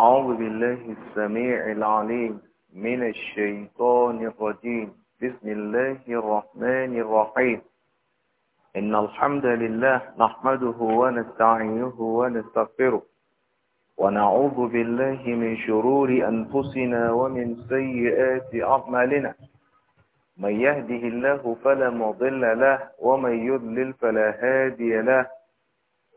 أعوذ بالله السميع العليم من الشيطان الرجيم بسم الله الرحمن الرحيم إن الحمد لله نحمده ونستعينه ونستغفره ونعوذ بالله من شرور أنفسنا ومن سيئات أعمالنا من يهده الله فلا مضل له ومن يضلل فلا هادي له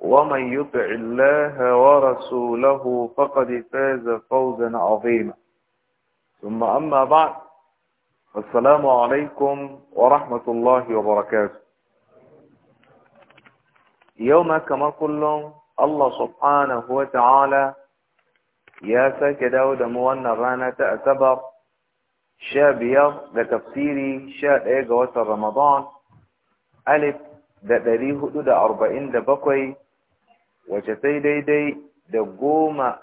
ومن يطع الله ورسوله فقد فاز فوزا عظيما ثم أما بعد السلام عليكم ورحمة الله وبركاته يوم كما كلهم الله سبحانه وتعالى يا ساك داود موانا رانا تأتبر شاب بيض ده تفسيري شاب ايه رمضان ألف ده دليه ده أربعين ده wace sai daidai da goma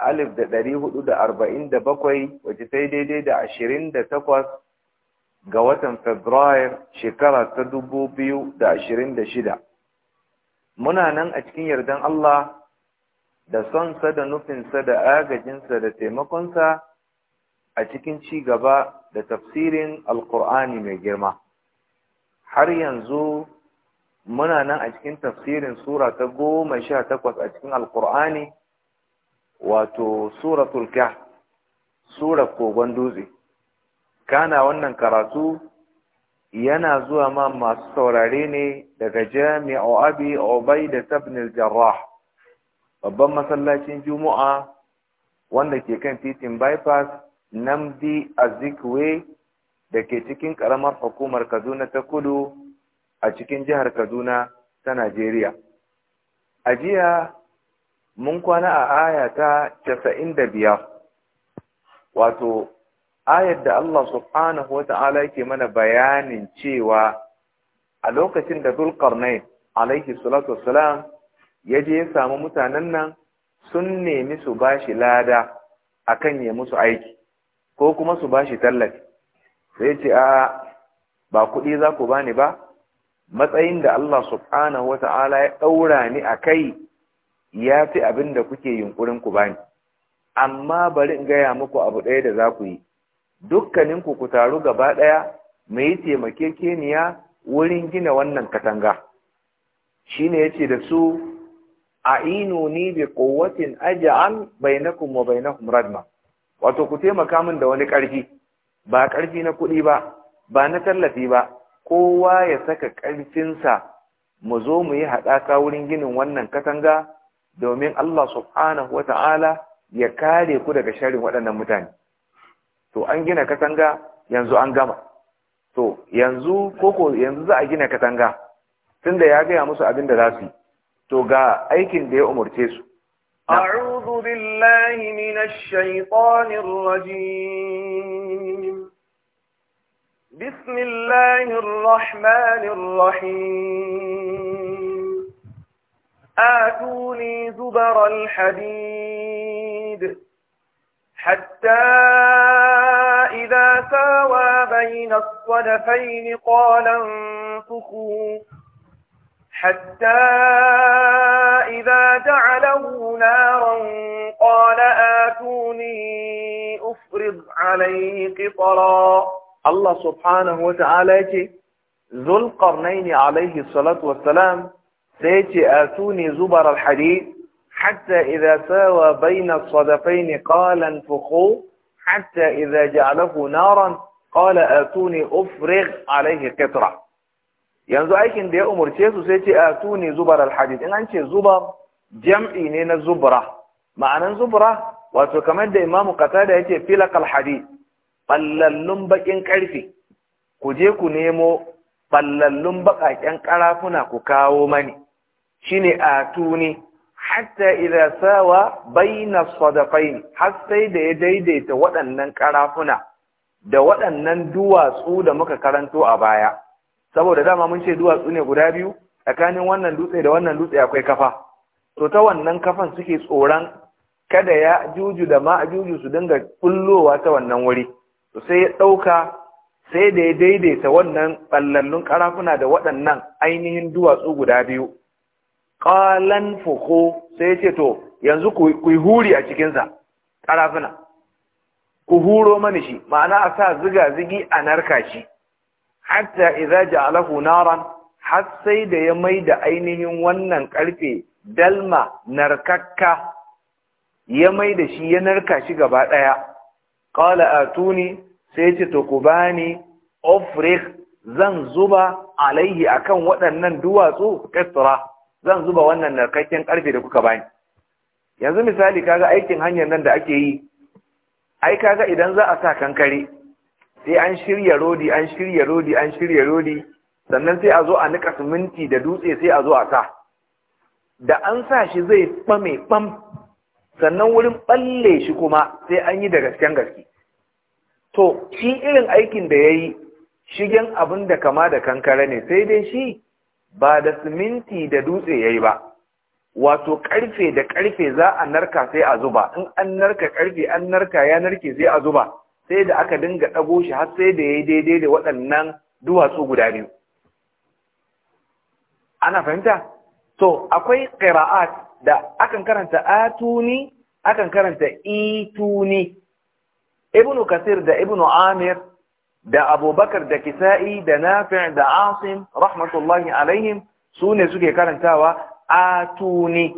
alif da ɗari hudu da arba'in da bakwai wace sai daidai da ashirin da takwas ga watan Fabrair shekara ta dubu biyu da ashirin da shida. Muna nan a cikin yardan Allah da sonsa da nufinsa da agajinsa da taimakonsa a cikin ci gaba da tafsirin Alƙur'ani mai girma. Har yanzu muna nan a cikin tafsirin sura ta goma sha takwas a cikin alkur'ani wato sura turka sura kogon dutse kana wannan karatu yana zuwa ma masu saurare ne daga Jami, abi obai da tabnil jarrah babban masallacin juma'a wanda ke kan titin bypass namdi azikwe da ke cikin karamar hukumar kaduna ta kudu a cikin jihar Kaduna ta Najeriya. A jiya mun kwana a aya ta casa'in da biyar, wato, ayar da Allah subhanahu wa ta'ala yake mana bayanin cewa a lokacin da Zulkarnain alaihi salatu wassalam ya je ya samu mutanen nan sun nemi su bashi lada akan ya musu aiki ko kuma su bashi tallafi sai ce a ba kuɗi za ku bani ba matsayin da Allah subhanahu wata'ala ya ɗaura ni a kai ya fi abin da kuke yunkurin ku bani amma bari in gaya muku abu ɗaya da za ku yi dukkaninku ku taru gaba ɗaya mu yi keniya wurin gina wannan katanga shine yace da su ni bi quwwatin aj'al bainakum wa bainahum radma wato ku taimaka min da wani ƙarfi ba ƙarfi na kuɗi ba ba na tallafi ba kowa ya saka ƙarfinsa mu zo mu yi haɗaka wurin ginin wannan katanga domin Allah subhanahu wa ta'ala ya kare ku daga sharin waɗannan mutane to an gina katanga yanzu an gama to yanzu koko yanzu za a gina katanga tunda ya gaya musu abin da za su yi to ga aikin da ya umarce su أعوذ بالله من الشيطان الرجيم بسم الله الرحمن الرحيم آتوني زبر الحديد حتى إذا ساوى بين الصدفين قال انفخوا حتى إذا جعله نارا قال آتوني أفرض عليه قطرا Allah subhanahu wa ta'ala yake ne alaihi salatu wassalam sai yace atuni zubar alhadid hatta idza sawa baina sadafai ne qala anfukhu hatta idza ja'alahu naran qala atuni ufrigh alaihi qitra yanzu aikin da ya umarce su sai ce atuni zubar alhadid in an ce zubar jam'i ne na zubra ma'anan zubra wato kamar da imamu da yace filakal hadid ɓallallun baƙin ƙarfe ku je ku nemo ɓallallun baƙaƙen ƙarafuna ku kawo mani ne a tuni hatta idan sawa baina sadaqain har sai da ya daidaita waɗannan ƙarafuna da waɗannan duwatsu da muka karanto a baya saboda dama mun ce duwatsu ne guda biyu tsakanin wannan dutse da wannan dutse akwai kafa to ta wannan kafan suke tsoron kada ya juju da ma juju su dinga kullowa ta wannan wuri to sai ya ɗauka sai da ya daidaita wannan ɓallallun ƙarafuna da waɗannan ainihin duwatsu guda biyu ƙalan fuko sai ya ce to yanzu ku yi huri a cikinsa ƙarafuna ku huro mani shi ma'ana a sa ziga-zigi a narka shi hatta idza ja'alahu naran har sai da ya mai da ainihin wannan ƙarfe dalma narkakka ya mai da shi ya narka shi gaba ɗaya ƙala atuni sai ce to ku bani ofrik zan zuba alaihi kan waɗannan duwatsu Kestura, zan zuba wannan narkakken karfe da kuka bani yanzu misali kaga aikin hanyar nan da ake yi ai kaga idan za a sa kankare sai an shirya rodi an shirya rodi an shirya rodi sannan sai a zo a nika siminti da dutse sai a zo a sa da an sa shi zai ɓame ɓam sannan wurin ɓalle shi kuma sai an yi da gasken gaske to shi irin aikin da ya yi shigen abin da kama da kankare ne sai dai shi ba da siminti da dutse ya yi ba wato ƙarfe da ƙarfe za a narka sai a zuba in an narka karfe an narka ya narke sai a zuba sai da aka dinga ɗago shi har sai da ya yi daidai da waɗannan duwatsu guda biyu ana fahimta to akwai ƙira'at da akan karanta A-tuni, akan karanta E-tuni. ibnu kasir da ibnu amir da abubakar da kisa'i da nafi' da asim rahmatullahi alaihim su ne suke karantawa atuni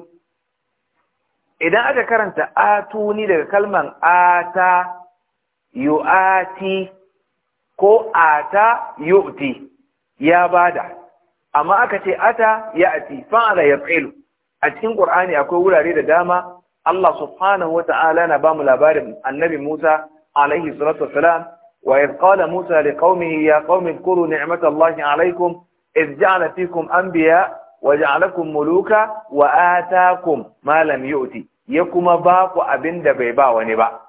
idan aka karanta atuni daga kalman ata yu'ati ko ata yu'ti ya bada amma aka ce ata ya'ti fa'ala yaf'ilu a cikin qur'ani akwai wurare da dama Allah subhanahu wata'ala na bamu labarin annabi Musa عليه الصلاة والسلام وإذ قال موسى لقومه يا قوم اذكروا نعمة الله عليكم إذ جعل فيكم أنبياء وجعلكم ملوكا وآتاكم ما لم يؤتي يكما باق أبن دبيبا ونبا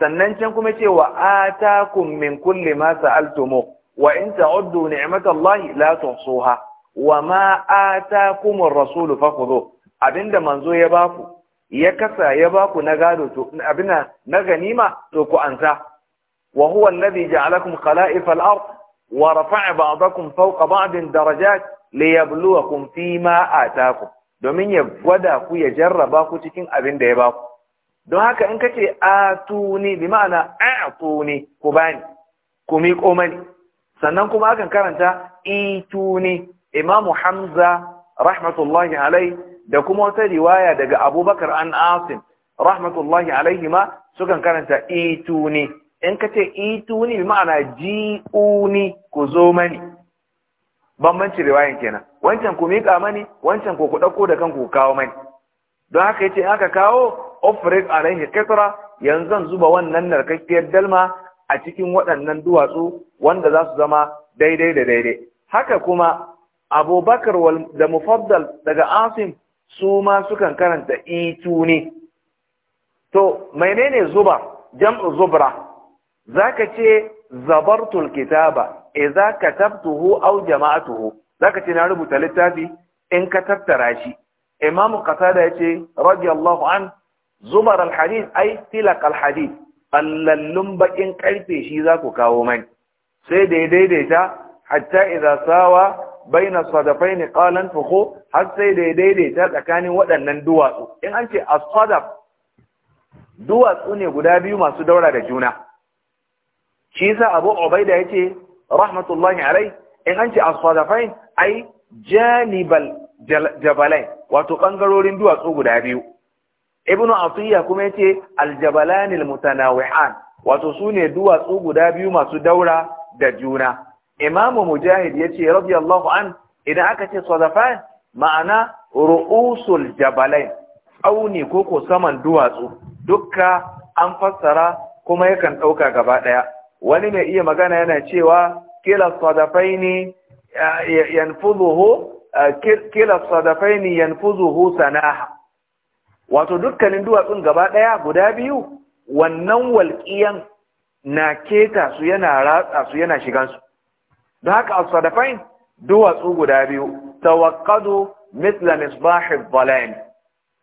سننشنكم يتي وآتاكم من كل ما سألتموه وإن تعدوا نعمة الله لا تحصوها وما آتاكم الرسول فخذوه أبن دمانزو يباكم ya kasa ya ba ku na gado to abina na ganima to ku ansa wa huwa alladhi ja'alakum khala'ifa al-ard wa rafa'a ba'dakum fawqa ba'din darajat liyabluwakum fima atakum domin ya gwada ku ya jarraba ku cikin abin da ya ba ku don haka in kace atuni bi ma'ana a'tuni ku bani ku miƙo sannan kuma akan karanta ituni imamu hamza rahmatullahi alai da kuma wata riwaya daga abubakar an asim rahmatullahi alaihi ma sukan karanta ituni in ka ce ituni ma'ana ji'uni ku zo mani bambanci riwayan kenan wancan ku miƙa mani wancan ku ɗauko da kanku ku kawo mani don haka yace in aka kawo ofrik alaihi kisra yanzu zan zuba wannan narkakkiyar dalma a cikin waɗannan duwatsu wanda za su zama daidai da daidai haka kuma abubakar da mufaddal daga asim su ma sukan karanta itu ne to menene zuba jam'u zubra zaka ce zabartul kitaba idza tabtuhu au jama'atuhu zaka ce na rubuta littafi in ka tattara shi imam qatada yace radiyallahu an zubar alhadith ai tilak alhadith allallun bakin ƙarfe shi za ku kawo mani sai da ya daidaita hatta idza sawa baina sadafain qalan fuqu har sai da daidaita tsakanin waɗannan duwatsu in an ce as-sadaf duwatsu ne guda biyu masu daura da juna shi yasa Abu Ubaida yace rahmatullahi alai in an ce as-sadafain ai janibal jabalain wato bangarorin duwatsu guda biyu Ibnu Atiyya kuma yace al-jabalanil mutanawihan wato sune duwatsu guda biyu masu daura da juna imamu mujahid ya ce radiyallahu an idan aka ce sadafan ma'ana ru'usul jabalai tsauni ko ko saman duwatsu dukka an fassara kuma yakan ɗauka gaba ɗaya wani mai iya magana yana cewa kila sadafaini yanfuzuhu eh, kila sadafaini yanfuzuhu sanaha wato dukkanin duwatsun gaba ɗaya guda biyu wannan walƙiyan na keta su yana ratsa su yana shigansu da haka as duwatsu guda biyu tawakkadu mithla misbah adh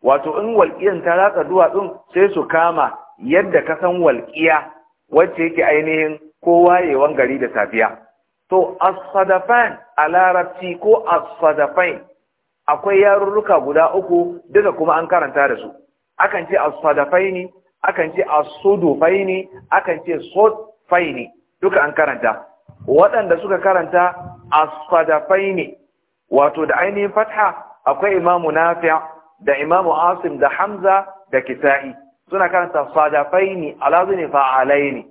wato in walƙiyan ta ratsa duwatsun sai su kama yadda ka san walqiya wacce yake ainihin kowa wayewan gari da safiya to as a larabci ko as akwai yarurruka guda uku duka kuma an karanta da su akan ce as-sadafaini akan ce as akan ce sudfaini duka an karanta waɗanda suka karanta asfadafai ne wato da ainihin fatha akwai imamu nafi'a da imamu asim da hamza da kisa'i suna karanta sadafai ne alazu ne fa'alai ne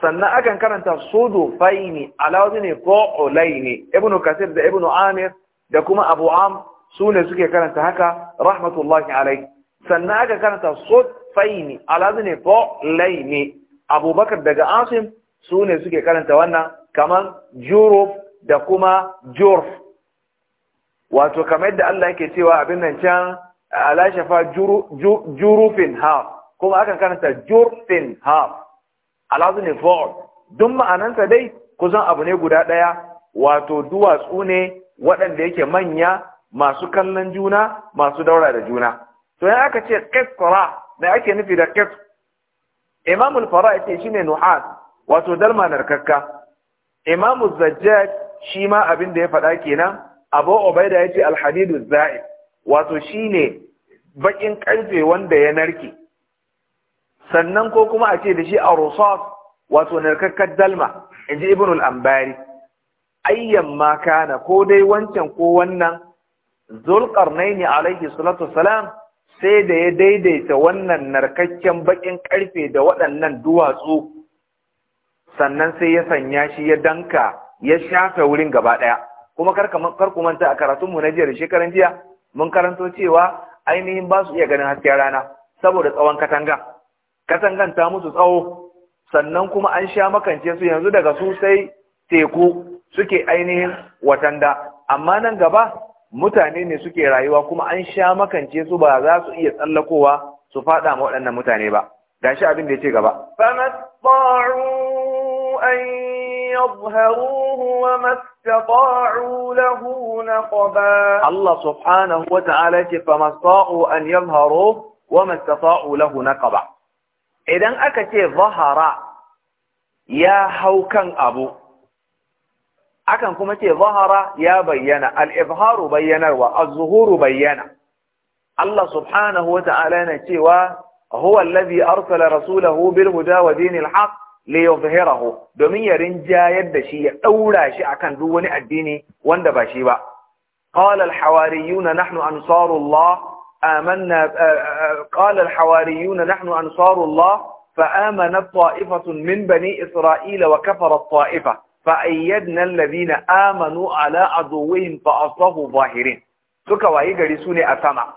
sannan akan karanta sudufai ne alazu ne fa'ulai ne kasir da ibnu amir da kuma abu am su ne suke karanta haka rahmatullahi alai sannan aka karanta sudfai ne alazu ne ne abubakar daga asim su ne suke karanta wannan kaman juruf da kuma jurf wato kamar yadda Allah yake cewa abin nan can ala shafa jurufin haf kuma akan karanta jurfin haf alazu ne duk ma'anansa dai kusan abu ne guda ɗaya wato duwatsu ne waɗanda yake manya masu kallon juna masu daura da juna to yana aka ce qisra da ake nufi da qis imamul fara shine nuhat wato dalma narkakka imamu zajjaj shi ma abin da ya faɗa kenan abu ubaida ya ce alhadidu Zaid, wato shine baƙin ƙarfe wanda ya narke sannan ko kuma a ce da shi a wato narkakkar dalma in ji al ambari ayyan ma kana ko dai wancan ko wannan zulƙarnaini alaihi salatu salam sai da ya daidaita wannan narkakken baƙin ƙarfe da waɗannan duwatsu sannan sai ya sanya shi ya danka ya shafe wurin gaba ɗaya kuma kar ku manta a mu na jiya da shekaran jiya mun karanto cewa ainihin ba su iya ganin hasken rana saboda tsawon katanga katangan ta musu tsawo sannan kuma an sha makance su yanzu daga su sai teku suke ainihin watanda amma nan gaba mutane ne suke rayuwa kuma an sha makance su ba za su iya tsallakowa su faɗa ma waɗannan mutane ba gashi abin da ya ce gaba famat أن يظهروه وما استطاعوا له نقبا الله سبحانه وتعالى فما استطاعوا أن يظهروه وما استطاعوا له نقبا إذن أكتي ظهر يا هوكا أبو akan kuma ce zahara ya bayyana al-izharu bayyanarwa az-zuhuru bayyana Allah subhanahu wa ta'ala yana cewa huwa allazi arsala rasulahu bil huda wa dinil haqq liyuzhirahu domin ya rinjayar da shi ya daura shi akan duk wani addini wanda ba shi ba qala al-hawariyuna nahnu ansarullah amanna eh, eh, eh, qala al-hawariyuna nahnu ansarullah فآمنت طائفة من بني إسرائيل وكفرت طائفة فأيدنا الذين آمنوا على عدوهم فأصبحوا ظاهرين suka wayi gari sune a sama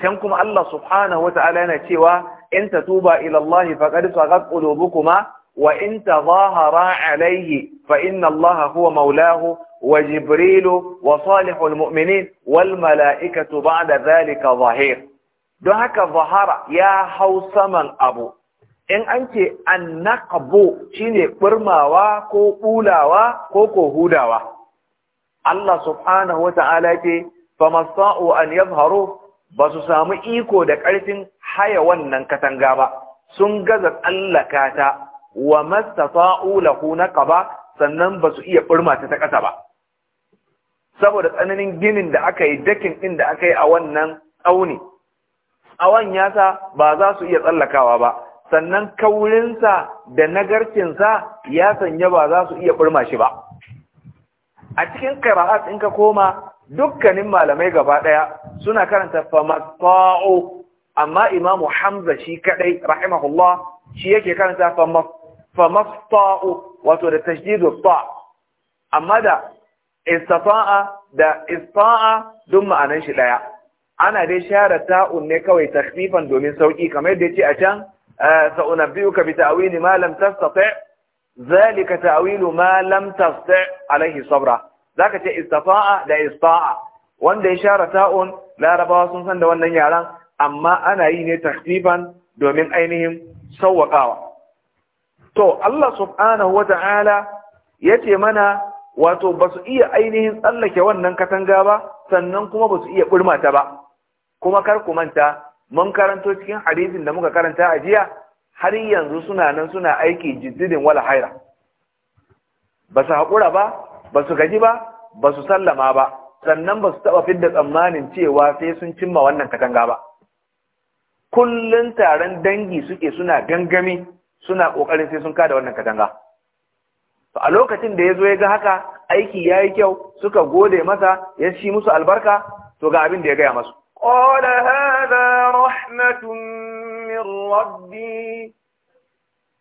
can kuma Allah subhanahu ta'ala yana cewa in tatuba ila Allah faqad sagat qulubukuma Wa وإن تظاهرا عليه فإن الله هو مولاه وجبريل وصالح المؤمنين والملائكة بعد ذلك zahir. don haka zahara ya hau saman abu in an ce an naqbu shine ɓirmawa ko ɓulawa ko ko hudawa Allah subhanahu wata'ala ce famasta'u an yadhharu ba su samu iko da ƙarfin haya wannan katanga ba sun gaza tsallaka wa mastata'u lahu naqaba sannan ba su iya burma ta ta ƙasa ba saboda tsananin ginin da aka yi dakin ɗin da aka yi a wannan tsauni tsawon ya ba za su iya tsallakawa ba sannan kaurinsa da nagarcinsa ya sanya ba za su iya burma shi ba a cikin ƙira'at in ka koma dukkanin malamai gaba ɗaya suna karanta famata'u amma imamu hamza shi kaɗai rahimahullah shi yake karanta famata'u famafta'u wato da tashdidu ta amma da istata'a da ista'a duk ma'anan shi daya ana dai share ta'un ne kawai takhfifan domin sauki kamar yadda yace a can eh, sa'unabbiuka bi ta'wili ma lam tastati' zalika ta'wilu ma lam tastati' alaihi sabra zaka ce istata'a da ista'a wanda ya share ta'un larabawa sun san da wannan yaran amma ana yi ne takhfifan domin ainihin sauwaƙawa to Allah subhanahu ya ce mana wato ba su iya ainihin tsallake wannan katanga ba sannan kuma ba su iya burmata ba kuma kar ku manta mun karanto cikin hadisin da muka karanta a jiya har yanzu suna nan suna aiki jiddidin wala haira su haƙura ba ba su gaji ba ba su sallama ba sannan ba su taɓa fidda tsammanin cewa sai sun cimma wannan katanga ba kullun taron dangi suke suna gangami suna ƙoƙarin sai sun kada wannan katanga to a lokacin da ya zo ya ga haka aiki ya yi kyau suka gode masa ya shi musu albarka to ga abin da ya gaya masu qala hada, rahmatun min rabbi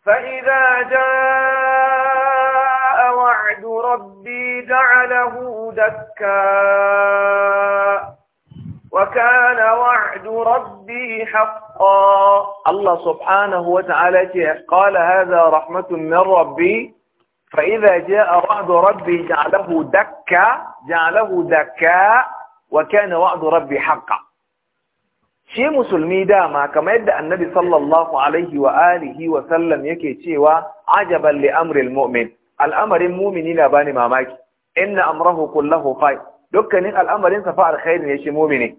فإذا جاء وعد rabbi, جعله دكاء وكان وعد ربي حقا الله سبحانه وتعالى قال هذا رحمة من ربي فإذا جاء وعد ربي جعله دكا جعله دكا وكان وعد ربي حقا شي مسلمي داما كما يدى النبي صلى الله عليه وآله وسلم يكي شيوا عجبا لأمر المؤمن الأمر المؤمن إلى باني ماماك إن أمره كله خير دكا الأمر إن سفاء الخير يشي مؤمنه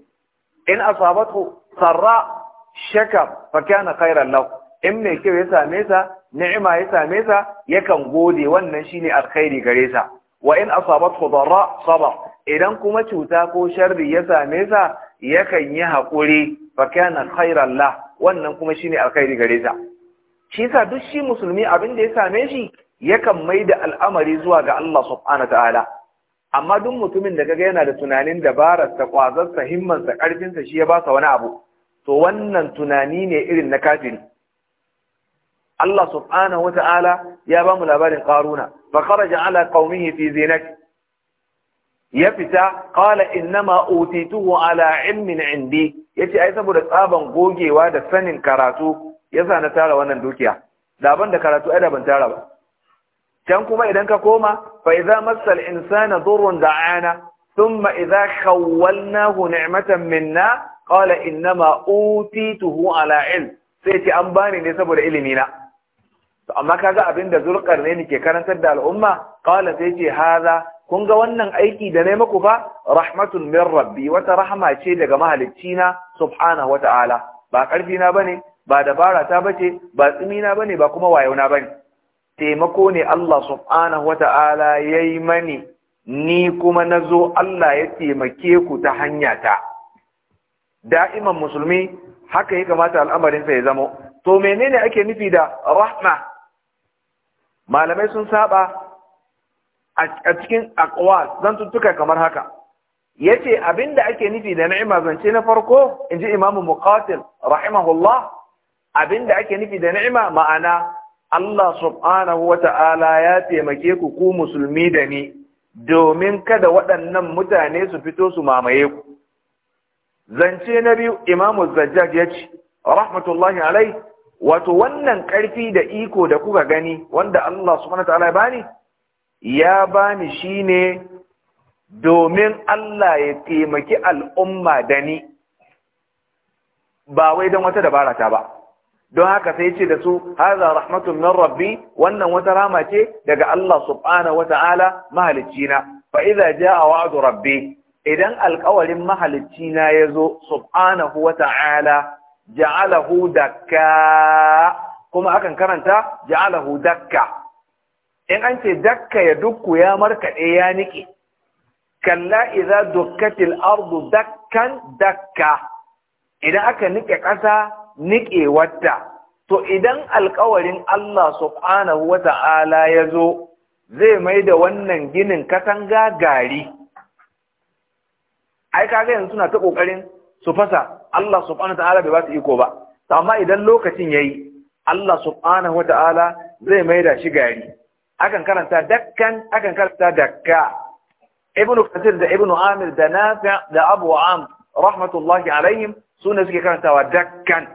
in asabatu sarra shakar fa kana khairan in mai kyau ya same sa ni'ima ya same sa yakan gode wannan shine alkhairi gare sa wa in asabatu darra saba, idan kuma cuta ko sharri ya same sa yakan yi haƙuri fa kana khairan wannan kuma shine alkhairi gare sa shi sa duk shi musulmi abin da ya same shi yakan mai da al'amari zuwa ga Allah subhanahu ta'ala amma duk mutumin da kaga yana da tunanin himman sa himmansa sa shi ya ba sa wani abu to wannan tunani ne irin na kafiri Allah subhanahu wata'ala ya ba mu labarin qaruna fa kharaja ala qaumihi fi zinati ya fita qala innama utituhu ala ilmin indi yace ai saboda tsaban gogewa da sanin karatu yasa na tara wannan dukiya daban da karatu ai daban tara ba can kuma idan ka koma masal فإذا مس الإنسان ضر دعانا ثم إذا خولناه نعمة منا قال إنما أوتيته على علم سيتي أنباني نسبر إلمينا amma kaga abin da ne ke karantar da al'umma qala sai ce haza kun ga wannan aiki da nayi maku fa rahmatun min rabbi wata rahma ce daga mahalicci na subhanahu wata'ala ba karfi na bane ba dabara ta bace ba tsimi na bane ba kuma wayo na bane taimako ne Allah subhanahu wata'ala ya yi mani ni kuma na zo Allah ya taimake ku ta hanyata da'iman musulmi haka ya kamata al'amarinsa ya zamo to menene ake nufi da rahma malamai sun saba a cikin aqwal zan tuttuka kamar haka Ya yace abinda ake nufi da ni'ima zance na farko in ji imamu muqatil rahimahullah abinda ake nufi da ni'ima ma'ana Allah subhanahu wa ta'ala ya taimake ku ku musulmi da ni domin kada waɗannan mutane su fito su mamaye ku. Zance na biyu Imamu Zajjaj ya ce, Rahmatullahi alai, wato wannan ƙarfi da iko da kuka gani wanda Allah subhanahu wa ta'ala ya bani, ya bani shi ne domin Allah ya taimaki al'umma da ni, ba wai don wata dabara ta ba. don haka sai ce da su haza rahmatun min rabbi wannan wata rama ce daga Allah subhanahu wata'ala mahalicina fa idza jaa wa'du rabbi idan alƙawarin mahalicina yazo subhanahu wata'ala ja'alahu dakka kuma akan karanta ja'alahu dakka in an ce dakka ya dukku ya markade ya nike kalla idza dukkatil ardu dakkan dakka idan aka nike ƙasa niƙewarta to idan alkawarin Allah subhanahu wa ta'ala ya zo zai mai da wannan ginin katanga gari ai kaga yanzu suna ta ƙoƙarin su fasa Allah subhanahu wa ta'ala bai ba su iko ba amma idan lokacin ya yi Allah subhanahu wa ta'ala zai mai da shi gari akan karanta dakkan akan karanta dakka Ibn kathir da Ibn amir da nafi' da abu am rahmatullahi alaihim suna suke karantawa dakkan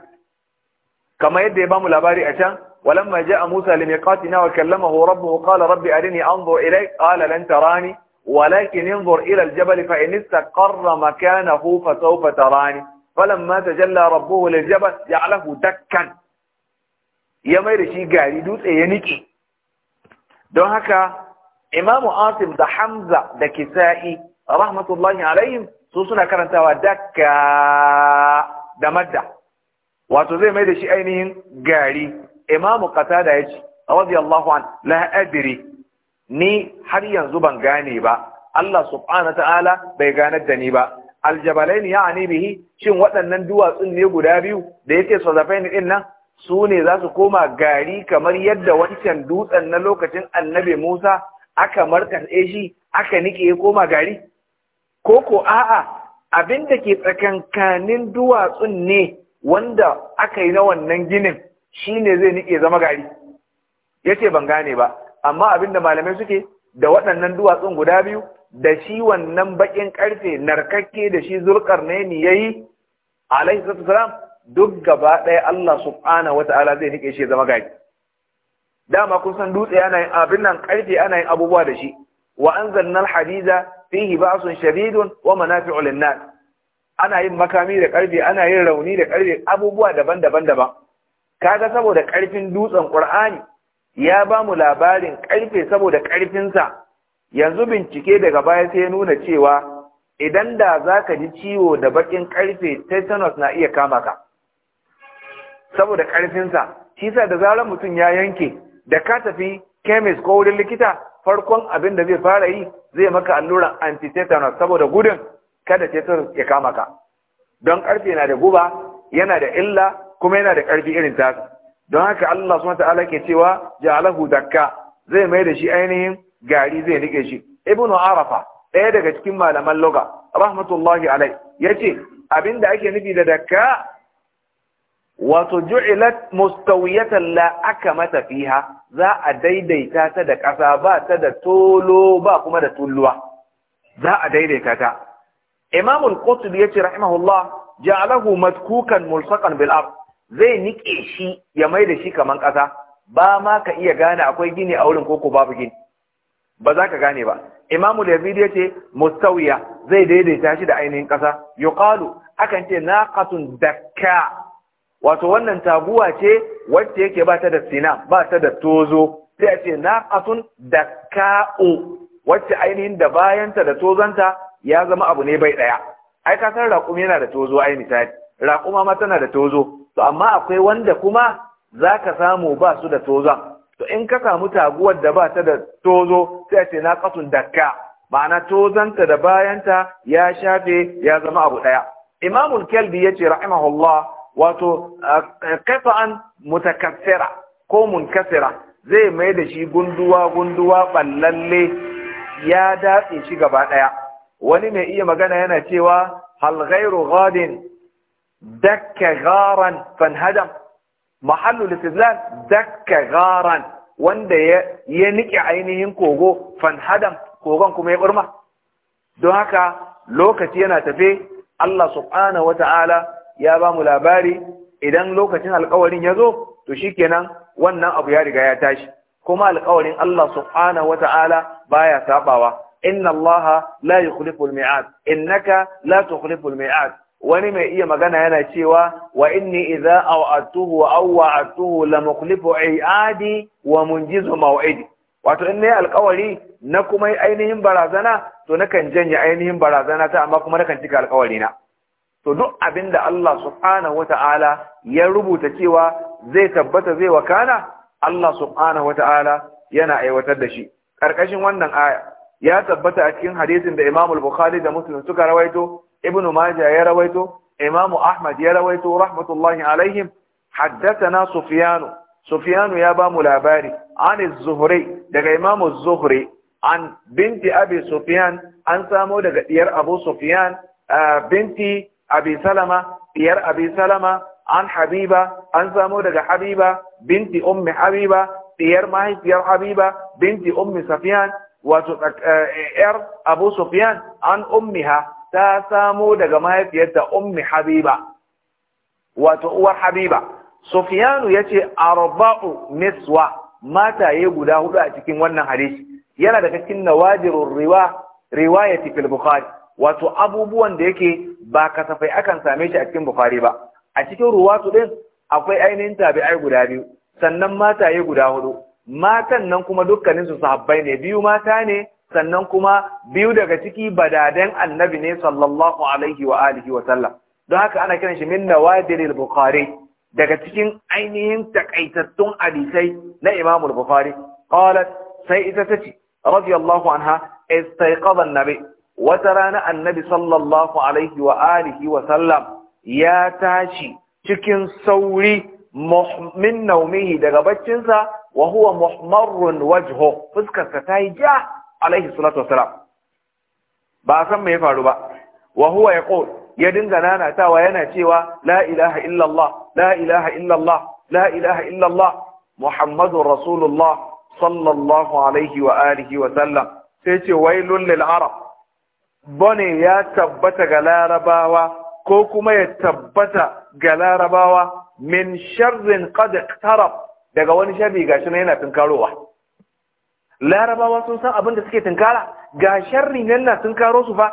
كما يدي بام الأباري أشان ولما جاء موسى لميقاتنا وكلمه ربه قال ربي أرني أنظر إليك قال لن تراني ولكن انظر إلى الجبل فإن استقر مكانه فسوف تراني فلما تجلى ربه للجبل جعله دكا يمير شي قاري يدوس ينكي إيه دو هكا إمام آسم ده حمزة ده كسائي رحمة الله عليهم سوسنا كرنتا ودكا ده مدى wato zai mai da shi ainihin gari imamu da ya ce radiyallahu an la adri ni har yanzu ban gane ba Allah subhanahu ta'ala bai ganar da ni ba aljabalain ya'ani bihi shin waɗannan duwatsun ne guda biyu da yake sazafain din nan su ne za su koma gari kamar yadda wancan dutsen na lokacin annabi Musa aka markan shi aka nike ya koma gari ko ko a'a abinda ke tsakankanin duwatsun ne wanda aka yi na wannan ginin ne zai nike zama gari Ya ce ban gane ba amma abinda malamai suke da waɗannan duwatsun guda biyu da shi wannan baƙin ƙarfe, narkakke da shi zulkarnaini yayi alaihi salam duk gaba ɗaya Allah subhanahu Ta'ala zai nike shi zama gari dama kun san dutse ana yin abin nan ƙarfe ana yin abubuwa da shi wa anzalna hadiza fihi ba'sun shadidun wa manafi'u lin-nas ana yin makami da ƙarfe, ana yin rauni da ƙarfe abubuwa daban-daban daban kaga saboda ƙarfin dutsen qur'ani ya ba mu labarin ƙarfe saboda ƙarfinsa. yanzu bincike daga baya sai ya nuna cewa idan da za ka ji ciwo da baƙin ƙarfe tetanus na iya kama ka saboda ƙarfinsa, shi sa da zarar mutum ya yanke da ka tafi chemist ko wurin likita farkon abin da zai fara yi zai maka alluran antitetanus saboda gudun kada tetanus ya kama ka don karfe na da guba yana da illa kuma yana da karfi irin ta don haka Allah subhanahu ta'ala ke cewa ja'alahu dakka zai mai da shi ainihin gari zai nike shi ibnu arafa ɗaya daga cikin malaman loga rahmatullahi alai abin da ake nufi da dakka wato ju'ilat mustawiyatan la akamata fiha za a daidaita ta da ƙasa ba ta da tolo ba kuma da tulluwa za a daidaita ta Imam al ya yace rahimahullah ja'alahu madkukan mulsaqan bil ard zai nike shi ya mai da shi kaman kasa ba ma ka iya gane akwai gini a wurin koko babu gini ba za ka gane ba Imam al-Yazid ce mustawiya zai daidaita shi da ainihin kasa yuqalu akan ce naqatun dakka wato wannan taguwa ce wacce yake ba ta da sina ba ta da tozo sai a ce naqatun dakka'u wacce ainihin da bayanta da tozanta ya zama abu ne bai ɗaya ai ka san raƙumi yana da tozo ai misali raƙuma ma tana da tozo to amma akwai wanda kuma za ka samu ba su da tozon to in ka samu taguwar da ba ta da tozo sai ce na katun dakka ma'ana tozanta da bayanta ya shafe ya zama abu ɗaya imamul kalbi ya ce rahimahullah wato kasa'an mutakassira ko munkasira zai mai da shi gunduwa gunduwa ballalle ya datse shi gaba ɗaya wani mai iya magana yana cewa hal ghairu ghadin dakka gharan fanhadam mahallu listidlal dakka garan wanda ya nike ainihin kogo Hadam kogon kuma ya burma don haka lokaci yana tafe Allah subhanahu wata'ala ya ba mu labari idan lokacin alkawarin ya zo to shikenan wannan abu ya riga ya tashi kuma alkawarin Allah subhanahu wata'ala baya sabawa inna Allah la yukhlifu al-mi'ad innaka la tukhlifu al-mi'ad wani mai iya magana yana cewa wa inni idza aw'atuhu wa aw'atuhu la wa wato in nayi alƙawari na kuma ainihin barazana to nakan janye ainihin barazana ta amma kuma nakan cika alƙawari na to duk abinda Allah subhanahu wata'ala ya rubuta cewa zai tabbata zai wakana Allah subhanahu wata'ala yana aiwatar da shi Karkashin wannan aya ya tabbata a cikin hadisin da Imam al-Bukhari da Muslim suka rawaito Ibn Majah ya rawaito Imam Ahmad ya rawaito rahmatullahi alaihim haddathana Sufyan Sufyan ya ba mu labari an az-Zuhri daga Imam az-Zuhri an binti Abi Sufyan an samo daga diyar Abu Sufyan binti Abi Salama diyar Abi Salama an Habiba an samo daga Habiba binti Ummi Habiba diyar mahaifiyar Habiba binti Ummi Sufyan wato eh, Abu Sufyan an ummiha ta samo daga mahaifiyarta ummi Habiba wato uwar Habiba Sufyanu yace arba'u niswa mataye guda hudu a cikin wannan hadisi yana daga cikin nawajirur riwa riwayati fil Bukhari wato abubuwan da yake ba kasafai akan same shi a cikin Bukhari ba a cikin ruwatu din akwai ainihin tabi'ai guda biyu sannan mataye guda hudu matan nan kuma dukkaninsu sahabbai ne biyu mata ne sannan kuma biyu daga ciki badaden annabi ne sallallahu alaihi wa alihi wa sallam don haka ana kiran shi min nawadiril bukhari daga cikin ainihin takaitattun hadisai na imam al-bukhari qalat sai ita tace radiyallahu anha istayqadha an-nabi wata rana annabi sallallahu alaihi wa alihi wa sallam ya tashi cikin sauri min naumihi daga baccinsa wa huwa muhmarrun wajhu fuskarsa ta yi ja alaihi salatu wassalam ba san me ya faru ba wa huwa yaqul ya dinga nanatawa yana cewa la ilaha illa Allah! la ilaha illa Allah! la ilaha illa Allah! muhammadur rasulullah sallallahu alaihi wa alihi wa sallam sai ce wailul lil arab bone ya tabbata ga larabawa ko kuma ya tabbata ga larabawa min sharrin qad iqtarab daga wani sharri gashi nan yana tunkarowa larabawa sun san abin da suke tunkara ga sharri nan na tunkaro su fa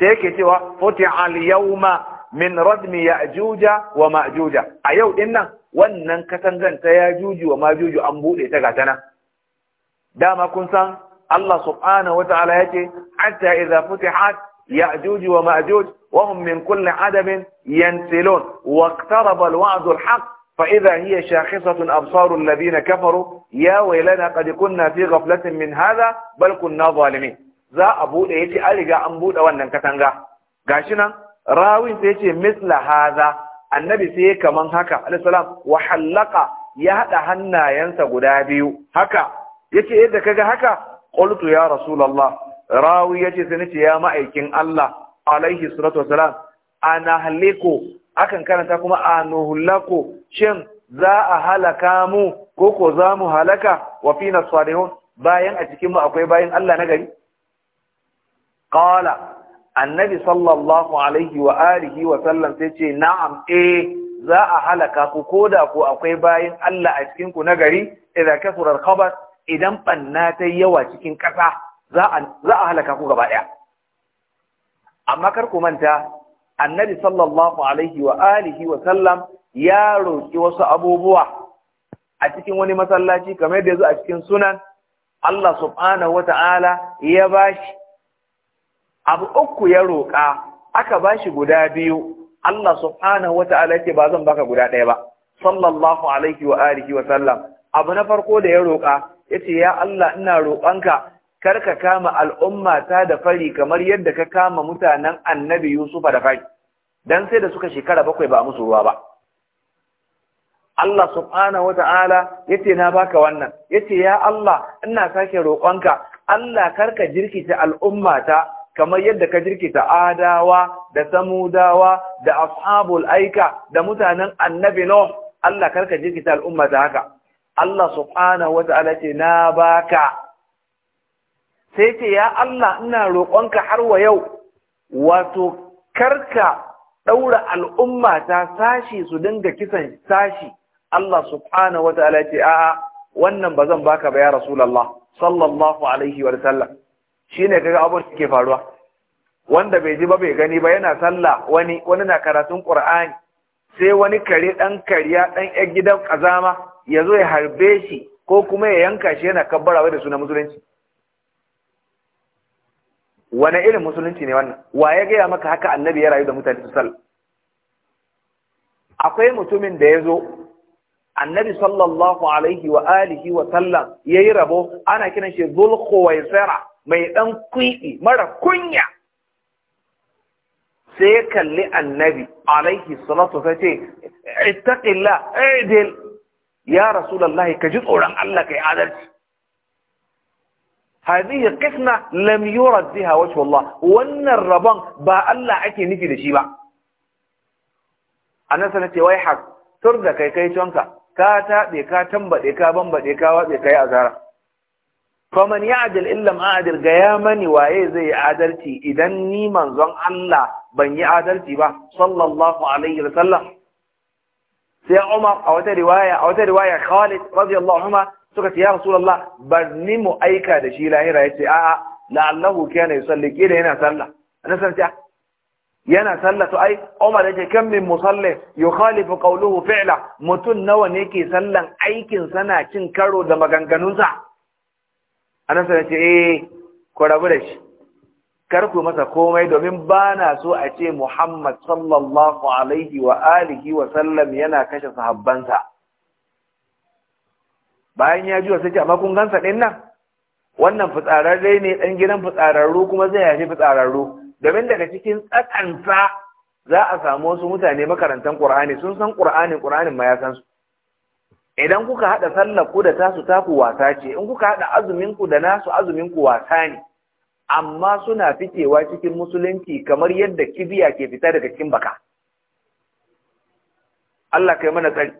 sai yake cewa futi al yawma min radmi ya'juja wa ma'juja a yau din nan wannan katangan ta yajuju wa majuju an bude ta gata nan dama kun san Allah subhanahu wata'ala yake hatta idza futihat ya'juju wa ma'juj wa hum min kulli adabin yansilon. waqtaraba al-wa'd فإذا هي شاخصة أبصار الذين كفروا يا ويلنا قد كنا في غفلة من هذا بل كنا ظالمين za a buɗe yace an riga an buɗe wannan katanga gashi nan rawin sai yace misla haza annabi sai kaman haka alayhi wa halaka ya hada hannayensa guda biyu haka yace yadda kaga haka qultu ya rasulullah rawi yace sai nace ya ma'aikin Allah alaihi salatu wasalam ana haliku akan karanta kuma a nuhullako shin za a halaka mu ko ko za mu halaka wa fina salihun bayan a cikinmu mu akwai bayan Allah na gari qala annabi sallallahu alaihi wa alihi wa sallam sai ce na'am eh za a halaka ku da ku akwai bayan Allah a cikin ku na gari idan kasura al-khabar idan banna ta yawa cikin kasa za a za a halaka ku gaba daya amma kar ku manta annabi sallallahu alaihi wa alihi wa sallam ya roƙi wasu abubuwa a cikin wani masallaci kamar da yazo a cikin sunan Allah subhanahu wata'ala ya bashi abu uku ya roƙa aka bashi guda biyu Allah subhanahu wata'ala yake ba zan baka guda ɗaya ba sallallahu alaihi wa alihi wa sallam abu na farko da ya roƙa yace ya Allah ina roƙonka kar ka kama al'umma ta da fari kamar yadda ka kama mutanen annabi yusufa da fari dan sai da suka shekara bakwai ba musu ruwa ba Allah subhanahu wata'ala yace na baka wannan yace ya Allah ina sake roƙonka Allah karka jirkita al'ummata kamar yadda ka jirkita adawa da samudawa da ashabul aika da mutanen annabi no Allah karka jirkita al'ummata haka Allah subhanahu ce na baka sai ce ya Allah ina roƙonka har wa yau wato karka ɗaura al'umma ta sashi su dinga kisan sashi Allah subhanahu Ta'ala ce a'a wannan ba zan baka ba ya Rasulallah sallallahu alaihi wa sallam ne kaga abun da ke faruwa wanda bai ji ba bai gani ba yana sallah wani wani na karatun qur'ani sai wani kare dan kariya dan yan gidan kazama ya zo ya harbe shi ko kuma ya yanka shi yana kabbara da sunan musulunci wani irin musulunci ne wannan wa ya gaya maka haka annabi ya rayu da mutane su sal akwai mutumin da ya zo annabi sallallahu alaihi wa alihi wa sallam ya yi rabo ana kiran shi zulhuwaisara mai ɗan kwiɗi mara kunya sai ya kalli annabi alaihi salatu ta ce ittaqillah idil ya rasulullahi ka ji tsoron Allah kai adalci هذه قسمة لم يرد بها وجه الله وأن الربان با الله أكي نفي لشيبا أنا سنتي ويحك ترد كي كي تنكا كاتا دي كاتم بدي كابن بدي كاوات دي كي أزارة فمن يعدل إلا ما أعدل قيامني وإيه زي عدلتي إذن نيمان زن الله بني عدلتي با صلى الله عليه وسلم سي عمر أو رواية أو رواية خالد رضي الله عنهما suka ce ya rasulullah ban ni mu aika da shi lahira ce a'a allahu kana yusalli kida yana sallah ana san ta yana sallah to ai Umar yake kan min musalli yukhalifu qawluhu fi'la mutun nawa ne ke sallan aikin sana cin karo da maganganunsa ana san ta eh ko rabu da shi kar ku masa komai domin ba na so a ce Muhammad sallallahu alaihi wa alihi wa sallam yana kashe sahabbansa bayan ya juwa sai ce amma kun gansa ɗin nan wannan fitsararre ne ɗan gidan fitsararru kuma zai haifi fitsararru domin daga cikin tsakansa za a samu wasu mutane makarantar ƙur'ani sun san ƙur'anin ƙur'anin ma ya san su idan kuka haɗa sallar ku da tasu taku wasa ce in kuka haɗa azumin ku da nasu azumin ku wasa ne amma suna fitewa cikin musulunci kamar yadda kibiya ke fita daga cikin baka Allah kai mana tsari